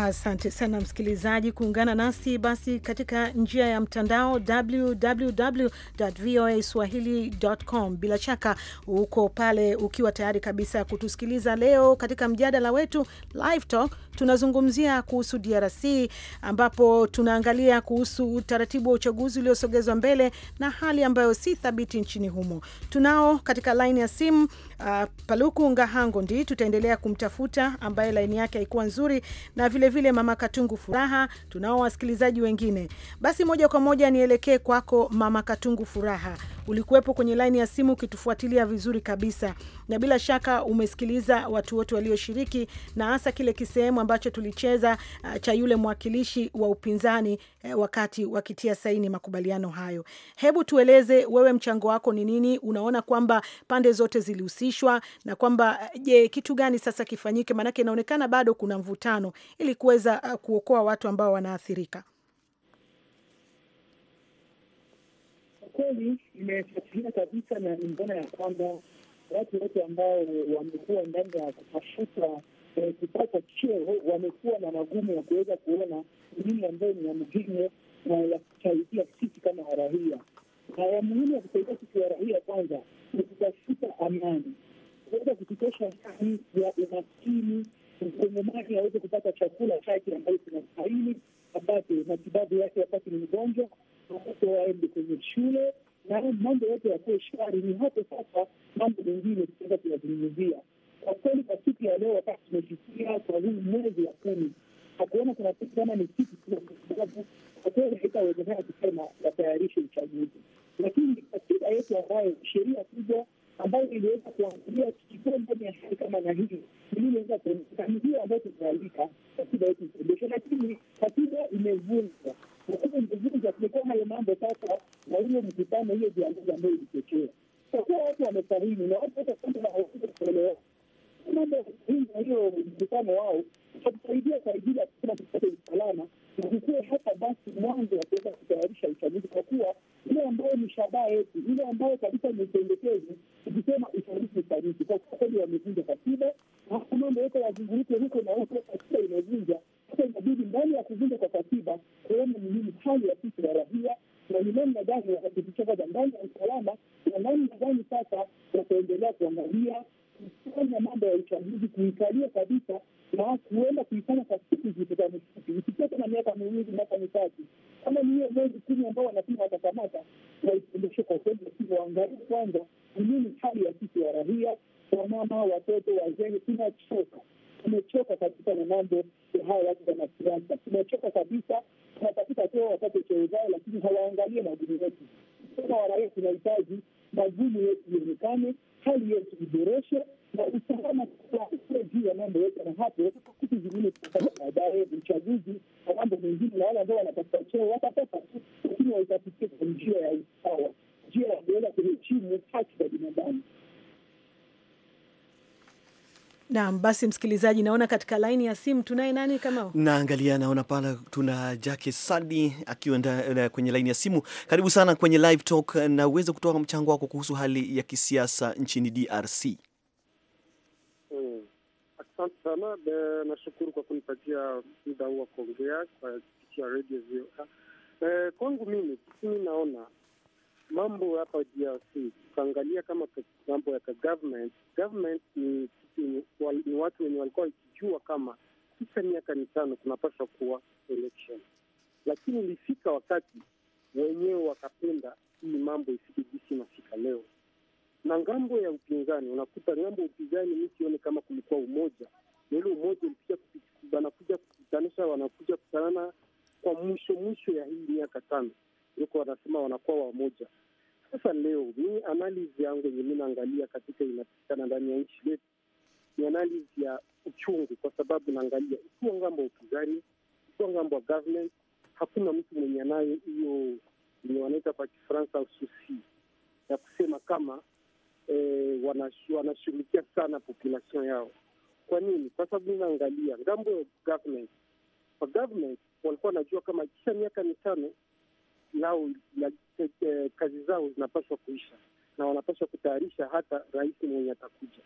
Asante sana msikilizaji kuungana nasi basi katika njia ya mtandao www.voaswahili.com. Bila shaka uko pale ukiwa tayari kabisa kutusikiliza leo. Katika mjadala wetu live talk, tunazungumzia kuhusu DRC ambapo tunaangalia kuhusu utaratibu wa uchaguzi uliosogezwa mbele na hali ambayo si thabiti nchini humo. Tunao katika laini ya simu uh, Paluku Ngahango ndi tutaendelea kumtafuta ambaye laini yake haikuwa nzuri na vile vilevile Mama Katungu Furaha, tunao wasikilizaji wengine. Basi moja kwa moja nielekee kwako Mama Katungu Furaha, ulikuwepo kwenye laini ya simu ukitufuatilia vizuri kabisa, na bila shaka umesikiliza watu wote walioshiriki na hasa kile kisehemu ambacho tulicheza uh, cha yule mwakilishi wa upinzani uh, wakati wakitia saini makubaliano hayo. Hebu tueleze wewe, mchango wako ni nini? Unaona kwamba pande zote zilihusishwa na kwamba eh, je, kitu gani sasa kifanyike? Maanake inaonekana bado kuna mvutano ili kuweza ah, kuokoa watu ambao wanaathirika?
Kweli imefuatilia kabisa, na nimeona ya kwamba watu wote ambao wamekuwa ndani ya kutafuta eh, kupata cheo wamekuwa na magumu ya kuweza kuona nini ambayo ni ya muhimu na ya kusaidia sisi kama warahia, na ya muhimu ya kusaidia sisi warahia kwanza ni kutafuta amani, kuweza kututosha ani ya umaskini Mkongomani aweze kupata chakula chake ambayo kinastahili, apate matibabu yake wakati ni mgonjwa, watoto waende kwenye shule na mambo yote yakuwe shwari. Ni hapo sasa mambo mengine tunaweza kuyazungumzia. Kwa kweli, kwa siku ya leo, wakati tumefikia kwa huu mwezi wa kumi, hakuona kunapatikana ni siku tu, kwa sababu kwa kweli haitawezekana kusema watayarishe uchaguzi, lakini katiba yetu ambayo sheria kubwa ambayo iliweza kuangalia tukikua ndani ya hali kama na hii iliweza kuonekana ni hiyo ambayo tumealika katiba yetu kuendesha, lakini katiba imevunjwa. Katiba imevunjwa, tumekuwa hayo mambo sasa na hiyo mkutano, hiyo viangozi ambayo ilichochea kwa kuwa watu wamesahini na watu wote watakana hawawezi kuelewana mambo ya hiyo mkutano wao itakusaidia kwa ajili ya kusema tupate usalama na kukuwe hata basi mwanzo wa kuweza kutayarisha uchaguzi, kwa kuwa ile ambayo ni shabaha yetu, ile ambayo kabisa ni pendekezo, tukisema uchaguzi ufanyike, kwa kuwa kweli wamevunja katiba, halafu mambo yote yazunguruke huko na huko, katiba imevunja. Sasa inabidi ndani ya kuvunja kwa katiba kuona ni nini hali ya sisi ya rahia na ni namna gani wanatuvichakaza ndani ya usalama na namna gani sasa wataendelea kuangalia kufanya mambo ya uchaguzi, kuikalia kabisa na kuenda kuifanya kwa siku zipitanisfupi, isikia tena miaka miwili, miaka mitatu, kama ni hiyo mwezi kumi ambao wanasema watakamata, waipendeshe kwa kweli, lakini waangalie kwanza nini hali ya sisi ya rahia, wamama, watoto, wazee. Tunachoka, tumechoka kabisa na mambo ya hawa watu masiasa, tumechoka kabisa. Tunatafuta cheo wapate cheo zao, lakini hawaangalie majini yetu. Kama waraia tunahitaji majini yetu ionekane, hali yetu iboreshe na usalama kule juu ya mambo yote, na hapo kitu zingine tutapata baadaye, uchaguzi na mambo mengine, na wale ambao wanatafuta cheo watatoka tu, lakini waitafikia kwa njia ya usawa,
njia ya kuweza kuheshimu haki za binadamu.
Naam, basi msikilizaji, naona katika laini ya simu tunaye nani kama
naangalia, naona pala tuna Jake Sadi akiwa eh, kwenye laini ya simu. Karibu sana kwenye live talk, eh, na uweze kutoa mchango wako kuhusu hali ya kisiasa nchini DRC.
Hmm, asante sana. Nashukuru kwa kunipatia muda huu wa kuongea kwa kupitia radio. Eh, kwangu mimi, mimi naona mambo hapa DRC, ukaangalia kama mambo ya government government ni, ni, ni watu wenye walikuwa wakijua kama kisha miaka mitano kunapaswa kuwa election, lakini ilifika wakati wenyewe wakapenda hii mambo ifike jisi nafika leo. Na ngambo ya upinzani, unakuta ngambo ya upinzani mi sione kama kulikuwa umoja, na ile umoja ulikuja wanakuja kukutanisha, wanakuja kutanana kwa mwisho mwisho ya hii miaka tano yuko wanasema wanakuwa wamoja. Sasa leo mi analizi yangu yenye mi naangalia katika inapatikana ndani ya nchi letu ni analizi ya uchungu, kwa sababu naangalia ikiwa ngambo ya upinzani, ikiwa ngambo ya government, hakuna mtu mwenye anayo hiyo yenye wanaita kwa Kifaransa ususi ya kusema kama e, wanashughulikia sana population yao. Kwa nini? Kwa sababu mi naangalia ngambo ya government, kwa government walikuwa wanajua kama kisha miaka mitano lao la, eh, eh, kazi zao zinapaswa kuisha na wanapaswa kutayarisha hata rais mwenye atakuja,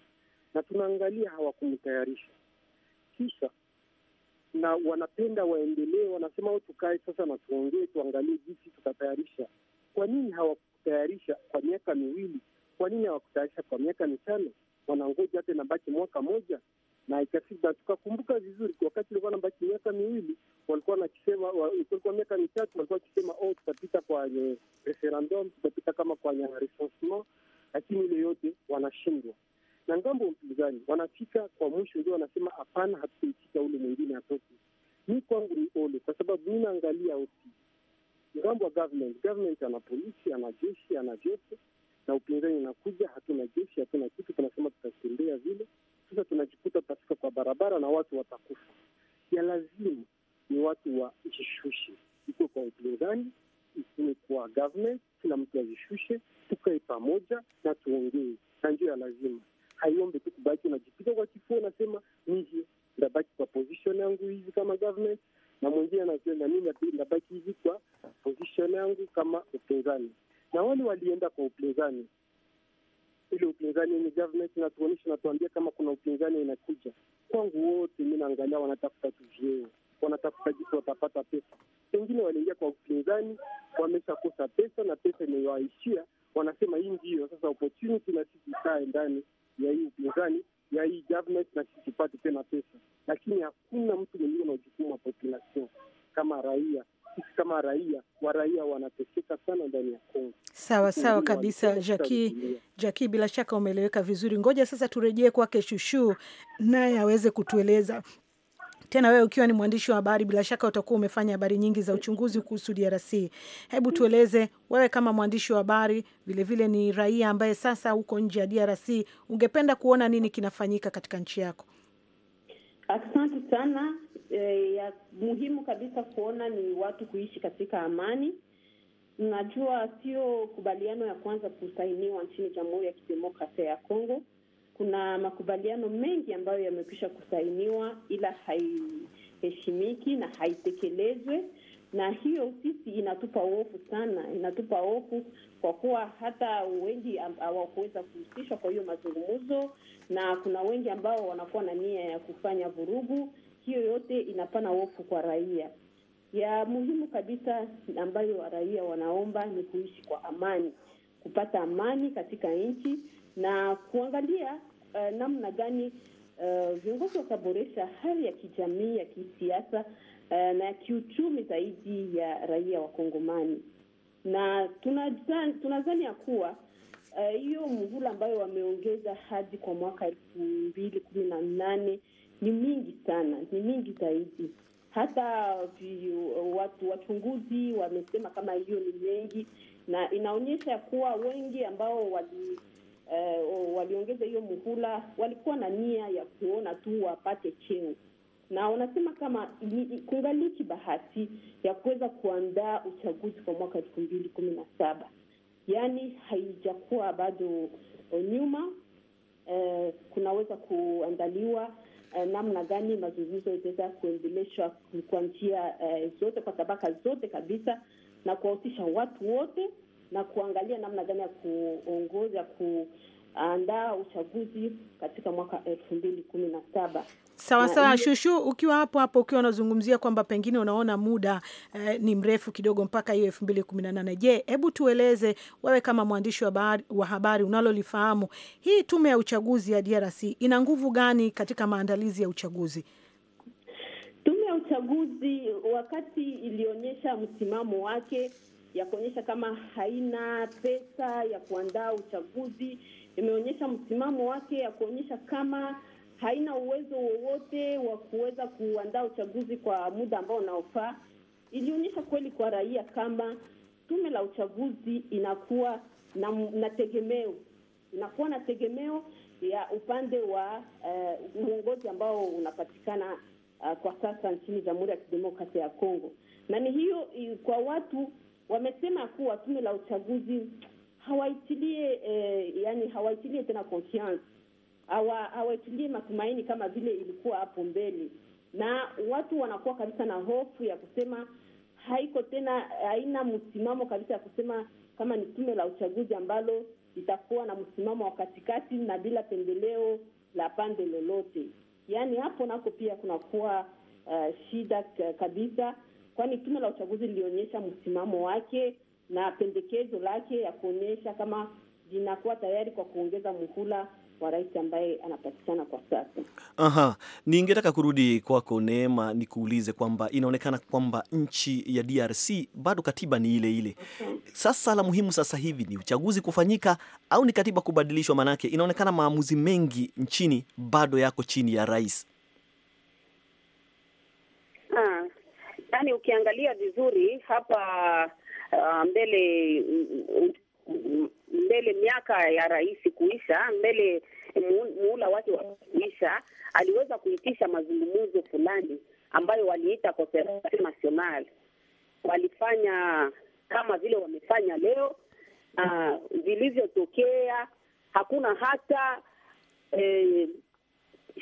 na tunaangalia hawakumtayarisha kisha na wanapenda waendelee, wanasema oh, tukae sasa na tuongee, tuangalie jinsi tutatayarisha. Kwa nini hawakutayarisha kwa miaka miwili? Kwa nini hawakutayarisha kwa miaka mitano? Wanangoja hata inabaki mwaka moja, na ikafika tukakumbuka vizuri, wakati ulikuwa nabaki miaka miwili, walikuwa nakisema, kulikuwa miaka mitatu walikuwa wakisema oh, tutapita kwenye referendum, tutapita kama kwenye recensement, lakini ile yote wanashindwa na ngambo mpinzani. Wanafika kwa mwisho ndio wanasema hapana, hatutaitika ule mwingine atoke. Mi kwangu ni ole, kwa sababu mi naangalia oti ngambo wa government. Government ana polisi, ana jeshi, ana joto na upinzani unakuja, hatuna jeshi, hatuna kitu, tunasema tutatembea vile. Sasa tunajikuta tutafika kwa barabara na watu watakufa. Ya lazima ni watu wajishushe, iko kwa upinzani, ikiwe kwa government, kila mtu ajishushe, tukae pamoja na tuongee, na njio ya lazima. Haiombe tu kubaki unajipiga kwa kifua, unasema mimi ndabaki kwa position yangu hivi kama government, na mwingine anasema mimi ndabaki hivi kwa position yangu kama upinzani na wale walienda kwa upinzani, ile upinzani ni government inatuonyesha natuambia kama kuna upinzani inakuja kwangu. Wote mi naangalia, wanatafuta tu wanatafuta jinsi watapata pesa. Pengine waliingia kwa upinzani, wameshakosa pesa na pesa imewaishia, wanasema hii ndiyo sasa opportunity, na sisi kae ndani ya hii upinzani ya hii government na sisi tupate tena pesa, lakini hakuna mtu mwingine na ujukumu wa population kama raia sisi kama raia wa raia wanateseka sana ndani ya Kongo.
Sawa sawa kabisa, Jaki Jaki, bila shaka umeeleweka vizuri. Ngoja sasa turejee kwake Shushu naye aweze kutueleza tena. Wewe ukiwa ni mwandishi wa habari, bila shaka utakuwa umefanya habari nyingi za uchunguzi kuhusu DRC. Hebu mm. tueleze wewe, kama mwandishi wa habari vilevile ni raia ambaye sasa uko nje ya DRC, ungependa kuona nini kinafanyika katika nchi yako?
Asante sana. Eh, ya muhimu kabisa kuona ni watu kuishi katika amani. Najua sio kubaliano ya kwanza kusainiwa nchini Jamhuri ya Kidemokrasia ya Kongo. Kuna makubaliano mengi ambayo yamekwisha kusainiwa, ila haiheshimiki na haitekelezwe, na hiyo sisi inatupa hofu sana, inatupa hofu kwa kuwa hata wengi hawakuweza kuhusishwa kwa hiyo mazungumzo, na kuna wengi ambao wanakuwa na nia ya kufanya vurugu hiyo yote inapana hofu kwa raia. Ya muhimu kabisa ambayo raia wanaomba ni kuishi kwa amani, kupata amani katika nchi na kuangalia uh, namna gani uh, viongozi wataboresha hali ya kijamii, ya kisiasa uh, na ya kiuchumi zaidi ya raia wa Kongomani, na tunazani tunazani ya kuwa hiyo uh, muhula ambayo wameongeza hadi kwa mwaka elfu mbili kumi na nane ni mingi sana, ni mingi zaidi. Hata watu wachunguzi wamesema kama hiyo ni mengi, na inaonyesha kuwa wengi ambao wali eh, waliongeza hiyo muhula walikuwa na nia ya kuona tu wapate cheo na wanasema kama kungaliki bahati ya kuweza kuandaa uchaguzi kwa mwaka elfu mbili kumi na saba yaani haijakuwa bado eh, nyuma. Eh, kunaweza kuandaliwa eh, namna gani mazungumzo itaweza kuendeleshwa kwa njia eh, zote kwa tabaka zote kabisa, na kuwahusisha watu wote na kuangalia namna gani ya kuongoza kuandaa uchaguzi katika mwaka elfu mbili kumi na saba.
Sawa sawa, Shushu, ukiwa hapo hapo, ukiwa unazungumzia kwamba pengine unaona muda eh, ni mrefu kidogo mpaka hiyo elfu mbili kumi na nane. Je, hebu tueleze wewe kama mwandishi wa habari unalolifahamu, hii tume ya uchaguzi ya DRC ina nguvu gani katika maandalizi ya uchaguzi?
Tume ya uchaguzi wakati ilionyesha msimamo wake ya kuonyesha kama haina pesa ya kuandaa uchaguzi, imeonyesha msimamo wake ya kuonyesha kama haina uwezo wowote wa kuweza kuandaa uchaguzi kwa muda ambao unaofaa. Ilionyesha kweli kwa raia kama tume la uchaguzi inakuwa na, na tegemeo inakuwa na tegemeo ya upande wa eh, uongozi uh, ambao unapatikana uh, kwa sasa nchini Jamhuri ya Kidemokrasia ya Kongo, na ni hiyo kwa watu wamesema kuwa tume la uchaguzi hawaitilie eh, yani hawaitilie tena confiance hawatilie matumaini kama vile ilikuwa hapo mbele, na watu wanakuwa kabisa na hofu ya kusema haiko tena, haina msimamo kabisa ya kusema kama ni tume la uchaguzi ambalo itakuwa na msimamo wa katikati na bila pendeleo la pande lolote. Yaani hapo nako pia kunakuwa uh, shida kabisa, kwani tume la uchaguzi lilionyesha msimamo wake na pendekezo lake ya kuonyesha kama linakuwa tayari kwa kuongeza muhula kwa rais ambaye anapatikana kwa sasa.
Aha, ningetaka kurudi kwako Neema, nikuulize kwamba inaonekana kwamba nchi ya DRC bado katiba ni ile ile. Okay. Sasa la muhimu sasa hivi ni uchaguzi kufanyika au ni katiba kubadilishwa? maanake inaonekana maamuzi mengi nchini bado yako chini ya rais.
Ah, yani, ukiangalia vizuri hapa uh, mbele mm, mm, mbele miaka ya rais kuisha, mbele muhula wake wa kuisha, aliweza kuitisha mazungumzo fulani ambayo waliita Cooperation National. Walifanya kama vile wamefanya leo vilivyotokea. hakuna hata eh,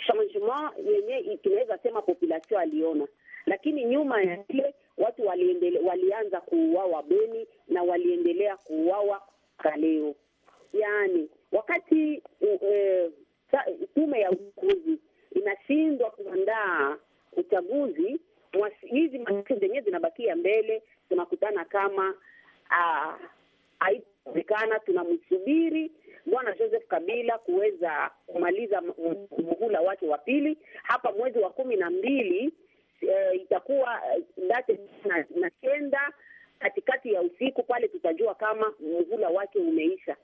changement yenye tunaweza sema population aliona, lakini nyuma ya ile watu waliendele, walianza kuuawa Beni na waliendelea kuuawa mpaka leo. Yaani wakati eh, eh, tume ya uchaguzi inashindwa kuandaa uchaguzi, hizi masiku zenyewe zinabakia mbele, tunakutana kama ah, haikuwezekana. Tunamsubiri Bwana Joseph Kabila kuweza kumaliza muhula wake wa pili hapa mwezi wa kumi na mbili. E, itakuwa date na, na kenda katikati ya usiku pale, tutajua kama muhula wake umeisha,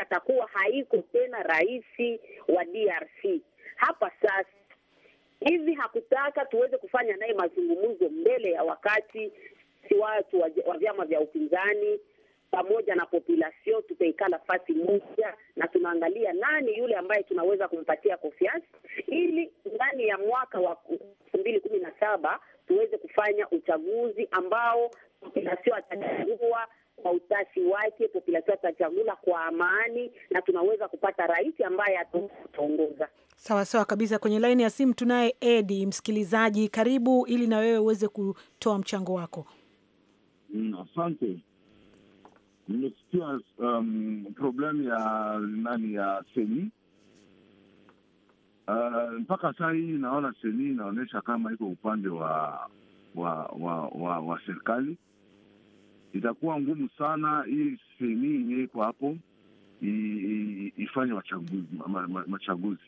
atakuwa haiko tena rais wa DRC hapa sasa hivi. Hakutaka tuweze kufanya naye mazungumzo mbele ya wakati, si watu wa, vyama vya upinzani pamoja na population tutaikaa nafasi moja na tunaangalia nani yule ambaye tunaweza kumpatia confiance ili ndani ya mwaka wa elfu mbili kumi na saba tuweze kufanya uchaguzi ambao populasio atachagua kwa utashi wake, populasio atachagula kwa amani, na tunaweza kupata rais ambaye atatuongoza.
sawa sawa kabisa. Kwenye laini ya simu tunaye Edi, msikilizaji, karibu ili na wewe uweze kutoa mchango wako.
Mm, asante nimesikia um, problemu ya nani ya seni Uh, mpaka saa hii naona seni inaonyesha kama iko upande wa wa wa wa, wa serikali. Itakuwa ngumu sana hii seni yenye iko hapo
ifanye machaguzi machaguzi.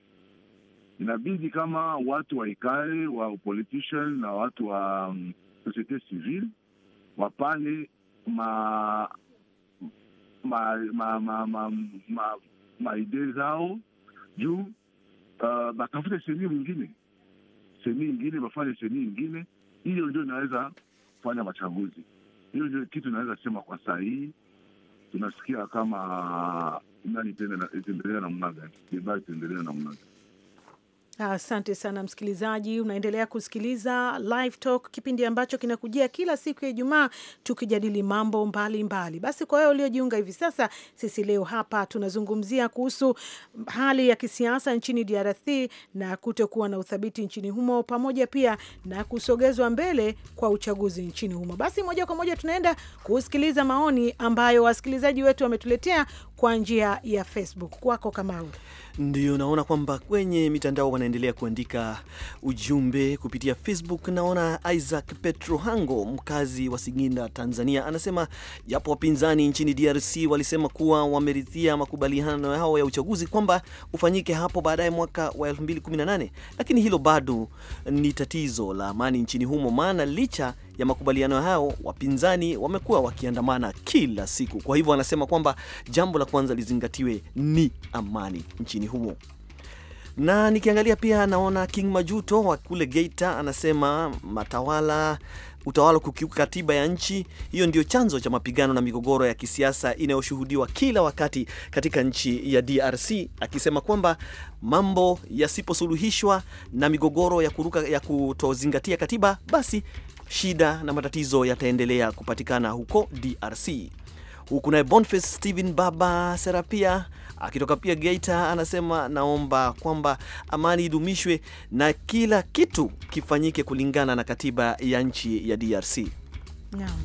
Inabidi kama watu waikae wa politician na watu wa um, societe civile
wapane maidee ma ma ma, ma, ma, ma, ma, ma idee zao juu Euh, batafute seni
mwingine, seni ingine, bafanye seni ingine. Hiyo ndio inaweza kufanya machaguzi. Hiyo ndio kitu inaweza sema kwa saa hii. Tunasikia kama nani tena itaendelea namna gani, deba itaendelea namna gani.
Asante sana msikilizaji, unaendelea kusikiliza Live Talk, kipindi ambacho kinakujia kila siku ya Ijumaa tukijadili mambo mbalimbali mbali. Basi kwa wewe uliojiunga hivi sasa, sisi leo hapa tunazungumzia kuhusu hali ya kisiasa nchini DRC na kutokuwa na uthabiti nchini humo, pamoja pia na kusogezwa mbele kwa uchaguzi nchini humo. Basi moja kwa moja tunaenda kusikiliza maoni ambayo wasikilizaji wetu wametuletea kwa njia ya Facebook. Kwako Kamau.
Ndio, naona kwamba kwenye mitandao wanaendelea kuandika ujumbe kupitia Facebook. Naona Isaac Petro Hango, mkazi wa Singinda, Tanzania, anasema japo wapinzani nchini DRC walisema kuwa wameridhia makubaliano yao ya uchaguzi kwamba ufanyike hapo baadaye mwaka wa 2018, lakini hilo bado ni tatizo la amani nchini humo, maana licha ya makubaliano hayo, wapinzani wamekuwa wakiandamana kila siku. Kwa hivyo anasema kwamba jambo la kwanza lizingatiwe ni amani nchini humo. Na nikiangalia pia naona King Majuto wa kule Geita anasema matawala utawala kukiuka katiba ya nchi hiyo ndio chanzo cha mapigano na migogoro ya kisiasa inayoshuhudiwa kila wakati katika nchi ya DRC, akisema kwamba mambo yasiposuluhishwa na migogoro ya kuruka ya kutozingatia katiba, basi shida na matatizo yataendelea kupatikana huko DRC. Huku naye Boniface Stephen Baba Serapia akitoka pia Geita anasema naomba kwamba amani idumishwe na kila kitu kifanyike kulingana na katiba ya nchi ya DRC.
Naam.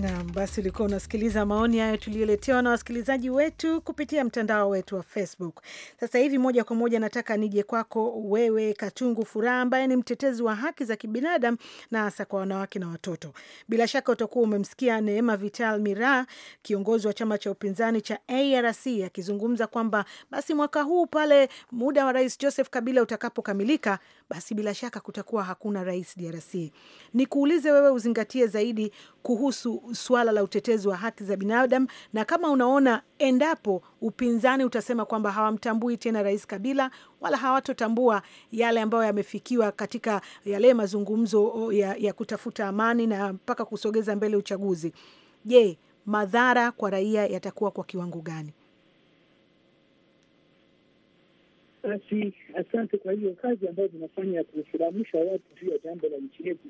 Naam, basi ulikuwa unasikiliza maoni hayo tuliyoletewa na wasikilizaji wetu kupitia mtandao wetu wa Facebook. Sasa hivi moja kwa moja nataka nije kwako wewe Katungu Furaha, ambaye ni mtetezi wa haki za kibinadamu na hasa kwa wanawake na watoto. Bila shaka utakuwa umemsikia Neema Vital Mira, kiongozi wa chama cha upinzani cha ARC, akizungumza kwamba basi mwaka huu pale muda wa Rais Joseph Kabila utakapokamilika basi bila shaka kutakuwa hakuna rais DRC. ni kuulize wewe uzingatie zaidi kuhusu suala la utetezi wa haki za binadamu, na kama unaona endapo upinzani utasema kwamba hawamtambui tena Rais Kabila wala hawatotambua yale ambayo yamefikiwa katika yale mazungumzo ya, ya kutafuta amani na mpaka kusogeza mbele uchaguzi, je, madhara kwa raia yatakuwa kwa kiwango gani?
Basi asante
kwa hiyo kazi ambayo zinafanya ya kufurahisha watu juu ya jambo la nchi yetu.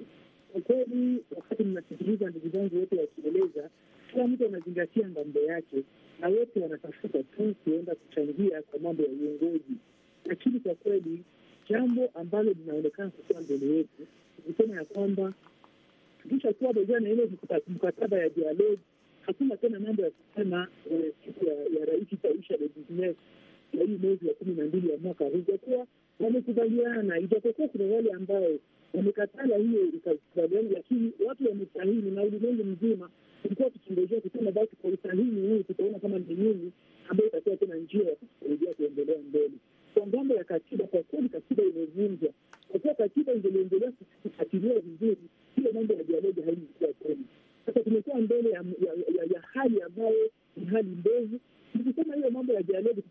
Kwa kweli, wakati mnasikiliza ndugu zangu wote wakieleza, kila mtu anazingatia ngambo yake na wote wanatafuta tu kuenda kuchangia kwa mambo ya uongozi, lakini kwa kweli jambo ambalo linaonekana kukuwa mbele yetu ikisema ya kwamba kuwa bojana ile mkataba ya dialogi hakuna tena mambo ya kusema eh, siku ya rais itaisha ya hii mwezi wa kumi na mbili ya mwaka haijakuwa wamekubaliana. Ijapokuwa kuna wale ambao wamekatala hiyo ikakubaliana, lakini watu wamestahili, na ulimwengu mzima tulikuwa tukingojea kusema basi kwa usahihi huu tutaona kama ni nini ambayo itakuwa tena njia ya kutusaidia kuendelea mbele kwa ngambo ya katiba. Kwa kweli katiba imevunjwa, kwa kuwa katiba ingeliendelea kufuatiliwa vizuri, hiyo mambo ya dialogi haingekuwa kweli. Sasa tumekuwa mbele ya hali ambayo ni hali mbovu. Tukisema hiyo mambo ya dialogi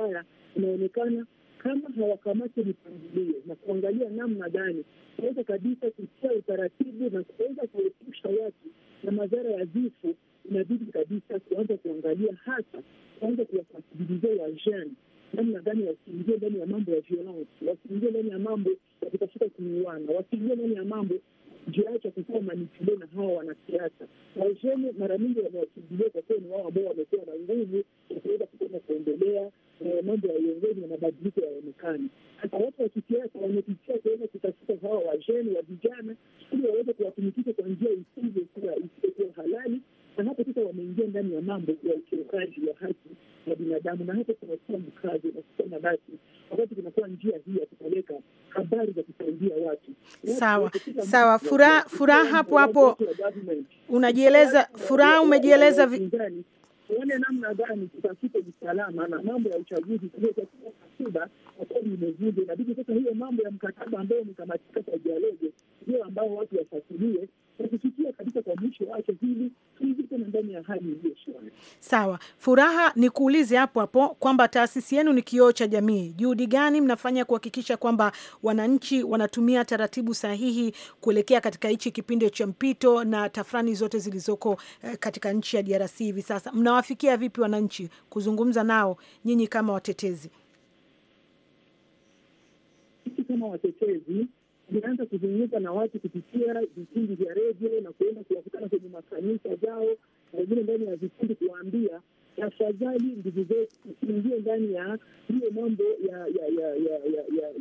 Hola. sawa sawa. Furaha furaha, hapo hapo unajieleza furaha, umejieleza vi... tuone namna gani tutafika usalama na mambo ya uchaguzi katiba kweli imevunja. Inabidi sasa hiyo mambo ya mkataba ambayo umekamatika kwa dialoge ndio ambao watu wafuatilie na kufikia kabisa kwa mwisho wake, hili hivi tena ndani ya hali
Sawa, Furaha, ni kuulize hapo hapo kwamba taasisi yenu ni kioo cha jamii. Juhudi gani mnafanya kuhakikisha kwamba wananchi wanatumia taratibu sahihi kuelekea katika hichi kipindi cha mpito na tafrani zote zilizoko eh, katika nchi ya DRC hivi sasa? Mnawafikia vipi wananchi kuzungumza nao nyinyi kama watetezi?
Sisi kama watetezi tumeanza kuzungumza na watu kupitia vipindi vya redio na kuenda kuwakutana kwenye makanisa zao wengine ndani ya vikundi kuwaambia tafadhali ndugu zetu, tusiingie ndani ya hiyo mambo ya ya ya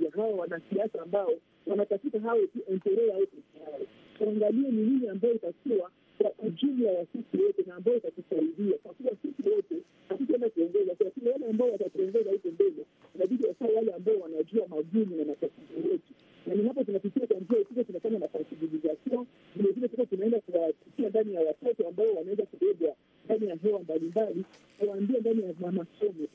ya hawa wanasiasa ambao wanatafuta hao tu au yao peke Tuangalie ni nini ambayo itakuwa kwa ujumla wa sisi wote na ambayo itatusaidia, kwa kuwa sisi wote hatukwenda kuongeza lakini wale ambao watatuongeza huko mbele inabidi wasaa wale ambao wanajua magumu na matatizo yetu na hapo tunapitia kwa njia tuko tunafanya na sensibilization, vilevile tuko tunaenda kuwapitia ndani ya watoto ambao wanaweza kubebwa ndani ya hewa mbalimbali, kuwaambia ndani ya masomo,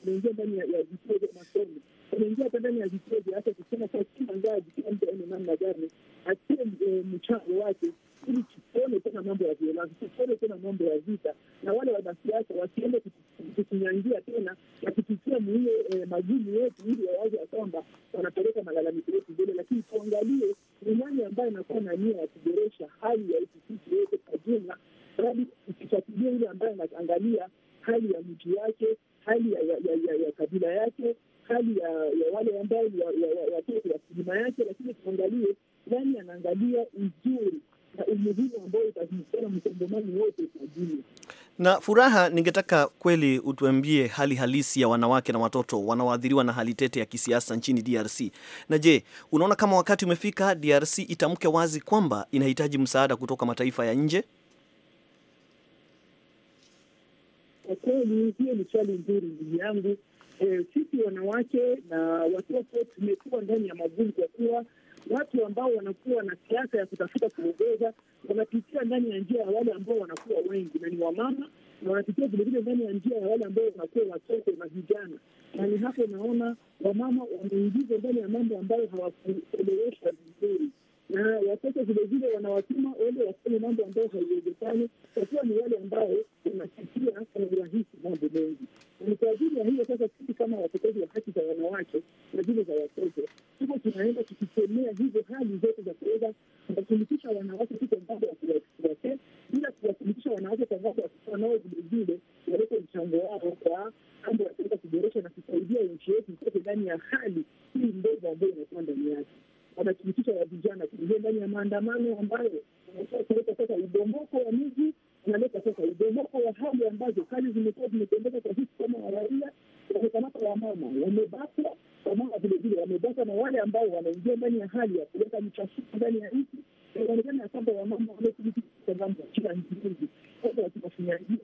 tunaingia ndani ya vituo vya masomo, tunaingia hata ndani ya vituo vya hata kusema kwa kila ngazi, kila mtu aone namna gani atie e, mchango wake ili tusione tena mambo ya violansi, tusione tena mambo ya vita, na wale wanasiasa wasiende kutunyangia tena na kututia muhiyo e, magumu yetu, ili wawaze ya kwamba wanapeleka malalamiko yetu mbele, lakini tuangalie ni nani ambaye anakuwa na nia ya kuboresha hali ya ICC yote kwa jumla, radi ukifuatilia yule ambaye anaangalia hali ya mji wake hali ya, ya, ya, ya kabila yake, hali ya, ya wale ambao watoto wa kilima yake, lakini tuangalie nani anaangalia uzuri na umuhimu ambayo itaana mkongomani wote kwa ajili
na Furaha, ningetaka kweli utuambie hali halisi ya wanawake na watoto wanaoathiriwa na hali tete ya kisiasa nchini DRC. Na je, unaona kama wakati umefika DRC itamke wazi kwamba inahitaji msaada kutoka mataifa ya nje?
Kwa kweli, hiyo ni swali nzuri ndugu yangu. Eh, sisi wanawake na watoto tumekuwa ndani ya magumu kwa kuwa watu ambao wanakuwa na siasa ya kutafuta kuongoza wanapitia ndani ya njia ya wale ambao wanakuwa wengi na ni wamama, na wanapitia vilevile ndani ya njia ya wale ambao wanakuwa watoto na vijana. Na ni hapo naona wamama wameingizwa ndani ya mambo ambayo hawakueleweshwa vizuri na wachache vilevile wanawatuma wale wafanye mambo ambayo haiwezekani, kwa kuwa ni wale ambao wanasikia kwa urahisi mambo mengi. Ni kwa ajili ya hiyo sasa, sisi kama watetezi wa haki za wanawake na zile za watoto, tuko tunaenda tukikemea hizo hali zote za kuweza kuwashirikisha wanawake tuko mbado wa kuwake, bila kuwashirikisha wanawake kwa mbado ya nao vilevile walete mchango wao kwa mambo ya kuboresha na kusaidia nchi yetu itoke ndani ya hali hii mbovu ambayo inakuwa ndani yake wanashirikisha ya vijana kuingia ndani ya maandamano ambayo kuleta sasa udomoko wa miji, unaleta sasa udomoko wa hali ambazo hali zimekuwa zimetendeka kwa sisi kama waraia. wa wamama, wamebakwa wamama, vilevile wamebakwa na wale ambao wanaingia ndani ya hali ya kuleta mchafuko ndani ya nchi. Inaonekana ya kwamba wamama wamethibitisha kwamba kila nchi nyingi sasa wakiwafunyangia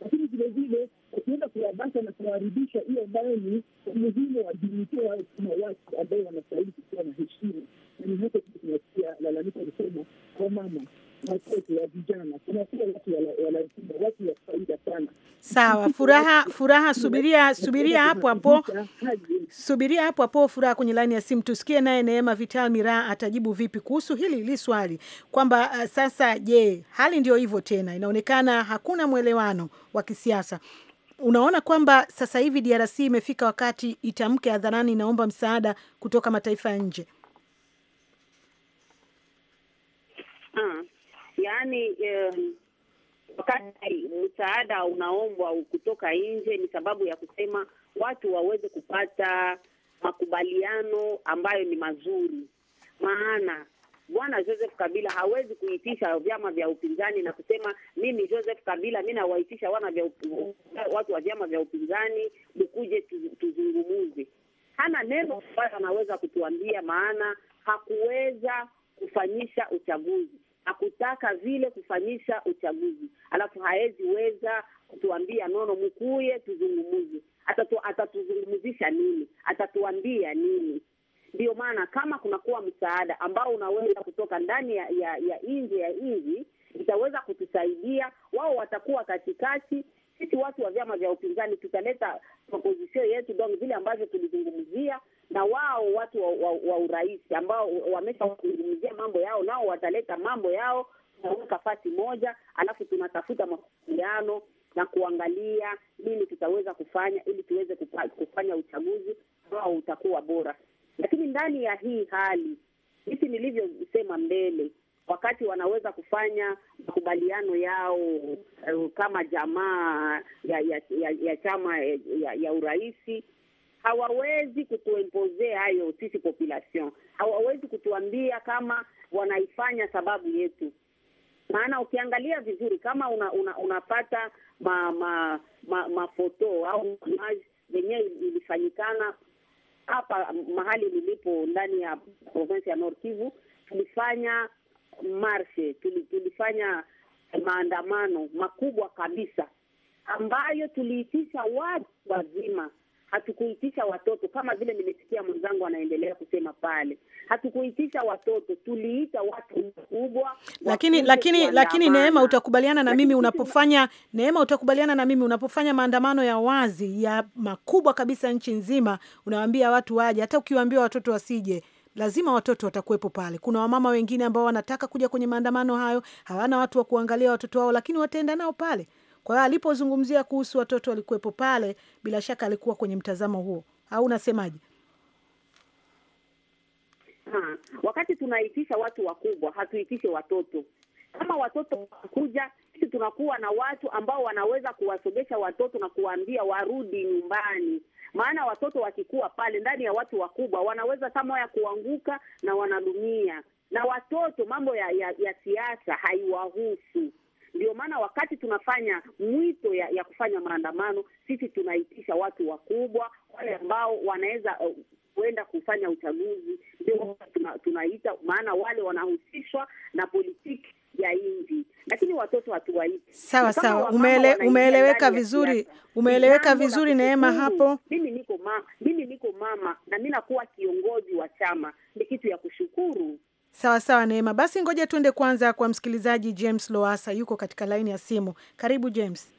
lakini vilevile ukienda kuwabasa na kuwaharibisha, hiyo ambayo ni umuhimu wa dini wao kama watu ambao wanastahili kukiwa na heshima. Na ni hapo tunasikia lalamiko kusema kwa oh, mama watoto wa vijana, watu watu wa kawaida
sana. Sawa, furaha furaha, subiria subiria hapo hapo, subiria hapo hapo, furaha kwenye laini ya simu, tusikie naye Neema Vital Miraa atajibu vipi kuhusu hili hili swali kwamba uh, sasa je, hali ndio hivyo tena, inaonekana hakuna mwelewano wa kisiasa. Unaona kwamba sasa hivi DRC imefika wakati itamke hadharani, inaomba msaada kutoka mataifa ya nje.
Hmm yaani um, wakati msaada unaombwa kutoka nje ni sababu ya kusema watu waweze kupata makubaliano ambayo ni mazuri, maana Bwana Joseph Kabila hawezi kuitisha vyama vya upinzani na kusema mimi Joseph Kabila mi nawaitisha wana vya watu wa vyama vya upinzani mkuje tuzungumuze. Hana neno ambayo anaweza kutuambia, maana hakuweza kufanyisha uchaguzi hakutaka vile kufanyisha uchaguzi, alafu haweziweza kutuambia nono, mkuye tuzungumuze. Atatu, atatuzungumzisha nini? Atatuambia nini? Ndiyo maana kama kunakuwa msaada ambao unaweza kutoka ndani ya ya nje ya nchi itaweza kutusaidia. Wao watakuwa katikati sisi watu wa vyama vya upinzani tutaleta proposition yetu donc vile ambavyo tulizungumzia, na wao watu wa, wa, wa urais ambao wameshazungumzia mambo yao, nao wataleta mambo yao, tunaweka fasi moja, alafu tunatafuta makubaliano na kuangalia nini tutaweza kufanya ili tuweze kufanya uchaguzi ambao utakuwa bora. Lakini ndani ya hii hali, jinsi nilivyosema mbele, wakati wanaweza kufanya makubaliano yao uh, kama jamaa ya, ya, ya, ya chama eh, ya, ya urahisi hawawezi kutuempozea hayo sisi population, hawawezi kutuambia kama wanaifanya sababu yetu. Maana ukiangalia vizuri kama una, una, unapata ma, ma, ma, mafoto au yenyewe ilifanyikana hapa mahali nilipo ndani ya province ya Nord Kivu, tulifanya marshe, tulifanya maandamano makubwa kabisa ambayo tuliitisha watu wazima, hatukuitisha watoto kama vile nimesikia mwenzangu anaendelea kusema pale. Hatukuitisha watoto, tuliita watu wakubwa. Lakini lakini lakini, Neema,
utakubaliana na mimi unapofanya Neema, utakubaliana na mimi unapofanya maandamano ya wazi ya makubwa kabisa nchi nzima, unawaambia watu waje, hata ukiwaambia watoto wasije lazima watoto watakuwepo pale. Kuna wamama wengine ambao wanataka kuja kwenye maandamano hayo, hawana watu wa kuangalia watoto wao, lakini wataenda nao pale. Kwa hiyo alipozungumzia kuhusu watoto walikuwepo pale, bila shaka alikuwa kwenye mtazamo huo, au unasemaje?
Ah, wakati tunaitisha watu wakubwa hatuitishe watoto kama watoto wanakuja, sisi tunakuwa na watu ambao wanaweza kuwasogesha watoto na kuwaambia warudi nyumbani, maana watoto wakikuwa pale ndani ya watu wakubwa wanaweza kama ya kuanguka na wanadumia, na watoto mambo ya, ya, ya siasa haiwahusu. Ndio maana wakati tunafanya mwito ya, ya kufanya maandamano, sisi tunaitisha watu wakubwa, wale ambao wanaweza uh, kuenda kufanya uchaguzi, ndio tuna, tunaita maana wale wanahusishwa na politiki ya inji, lakini watoto hatuwaipi. Sawa sawa, umele, umeeleweka vizuri, umeeleweka vizuri Neema. Hapo mimi niko mama, mimi niko mama na mimi nakuwa kiongozi wa chama, ni kitu ya kushukuru.
Sawa sawa Neema, basi ngoja tuende kwanza kwa msikilizaji James Loasa, yuko katika laini ya simu. Karibu James.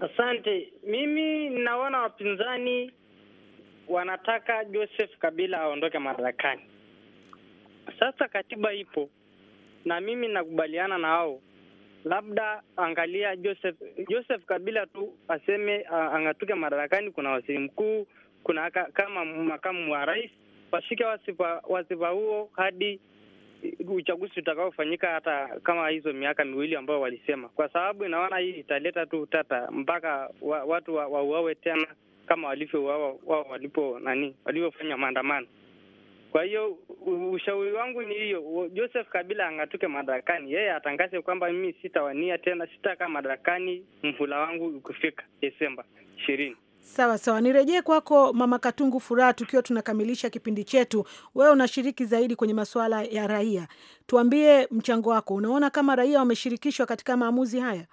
Asante. Mimi ninaona wapinzani wanataka Joseph Kabila aondoke madarakani. Sasa katiba ipo na mimi nakubaliana na hao. Labda angalia Joseph Joseph Kabila tu aseme ang'atuke madarakani, kuna waziri mkuu, kuna kama makamu wa rais, washike wasifa wasifa huo hadi uchaguzi utakaofanyika, hata kama hizo miaka miwili ambayo walisema, kwa sababu inaona hii italeta tu tata mpaka wa, watu wauawe wa tena kama walivyouawa wao walipo nani walivyofanya maandamano. Kwa hiyo ushauri wangu ni hiyo, Joseph Kabila ang'atuke madarakani, yeye atangaze kwamba mimi sitawania tena, sitakaa madarakani mhula wangu ukifika Desemba ishirini.
Sawa sawa, nirejee kwako Mama Katungu Furaha, tukiwa tunakamilisha kipindi chetu. Wewe unashiriki zaidi kwenye masuala ya raia, tuambie mchango wako, unaona kama raia wameshirikishwa katika maamuzi haya?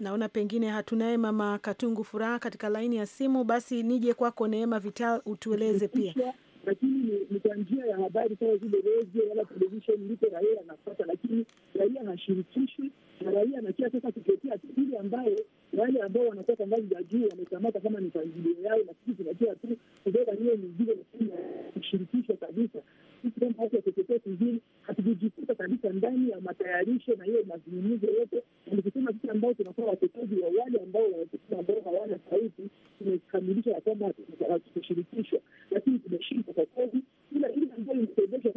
Naona pengine hatunaye mama Katungu Furaha katika laini ya simu, basi nije kwako Neema Vital, utueleze pia
lakini ni kwa njia ya habari kama vile redio wala televisheni, ndipo raia anapata, lakini raia hashirikishwi na raia anakia sasa tu ile ambayo wale ambao wanatoka ngazi za juu wamekamata kama ni yao, na sisi tunakia tu kutoka niwe nyingine, lakini kushirikishwa kabisa vile hatukujikuta kabisa ndani ya matayarisho na hiyo mazungumzo yote, nikisema sisi ambao tunakuwa watetezi wa wale ambao ambao hawana sauti, tumekamilisha ya kwamba hatukushirikishwa, lakini tumeshindwa kwa kweli. Ila ile ambayo imependeshwa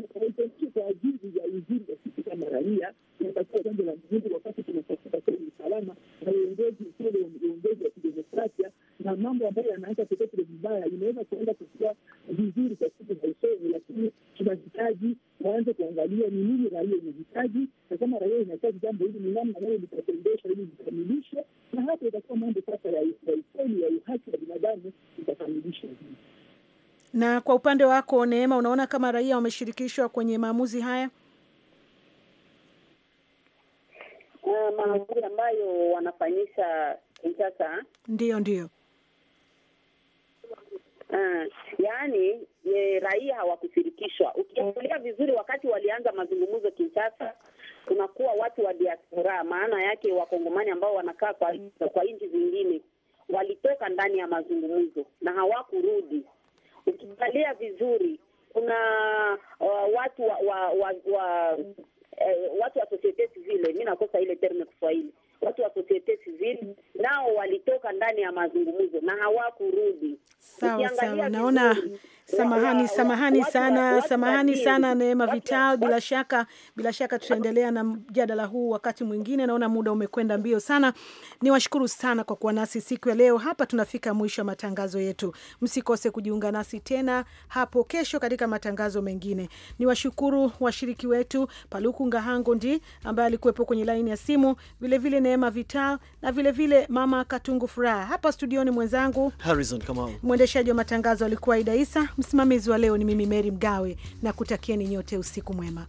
nchi kwa ajili ya uzuri wa sisi kama raia inatakuwa jambo la mzuri, wakati tunatafuta kweli usalama na uongozi ukweli, uongozi wa kidemokrasia na mambo ambayo yanaweza kutokea vibaya, inaweza kuenda kukua vizuri kwa siku za usoni, lakini tunahitaji waanze kuangalia ni nini raia inahitaji, na kama raia inahitaji jambo hili, ni namna nayo litatendesha ili likamilishe, na hapo itakuwa mambo sasa ya ukweli ya uhaki wa binadamu itakamilishwa hii.
Na kwa upande wako Neema, unaona kama raia wameshirikishwa kwenye maamuzi haya?
Maamuzi ambayo wanafanyisha Kinshasa,
ndiyo ndio
Uh, yaani e, raia hawakushirikishwa. Ukiangalia vizuri, wakati walianza mazungumzo Kinshasa, kunakuwa watu wa diaspora, maana yake wakongomani ambao wanakaa kwa, kwa nchi zingine walitoka ndani ya mazungumzo na hawakurudi. Ukiangalia vizuri, kuna uh, watu wa wa, wa, wa eh, watu wa societe civile, mi nakosa ile terme Kiswahili watu wa societe civil nao walitoka ndani ya mazungumzo na hawakurudi. Sawa sawa, naona
Samahani, samahani sana, samahani sana Neema Vital. Bila shaka, bila shaka tutaendelea na mjadala huu wakati mwingine. Naona muda umekwenda mbio sana. Niwashukuru sana kwa kuwa nasi siku ya leo. Hapa tunafika mwisho wa matangazo yetu. Msikose kujiunga nasi tena hapo kesho katika matangazo mengine. Niwashukuru washiriki wetu Paluku Ngahango Ndi ambaye alikuwepo kwenye laini ya simu, vilevile vile Neema Vital na vilevile vile Mama Katungu Furaha. Hapa studioni mwenzangu
Harrison Kamau,
mwendeshaji wa matangazo alikuwa ida Isa, msimamizi wa leo ni mimi Meri Mgawe, na kutakieni nyote usiku mwema.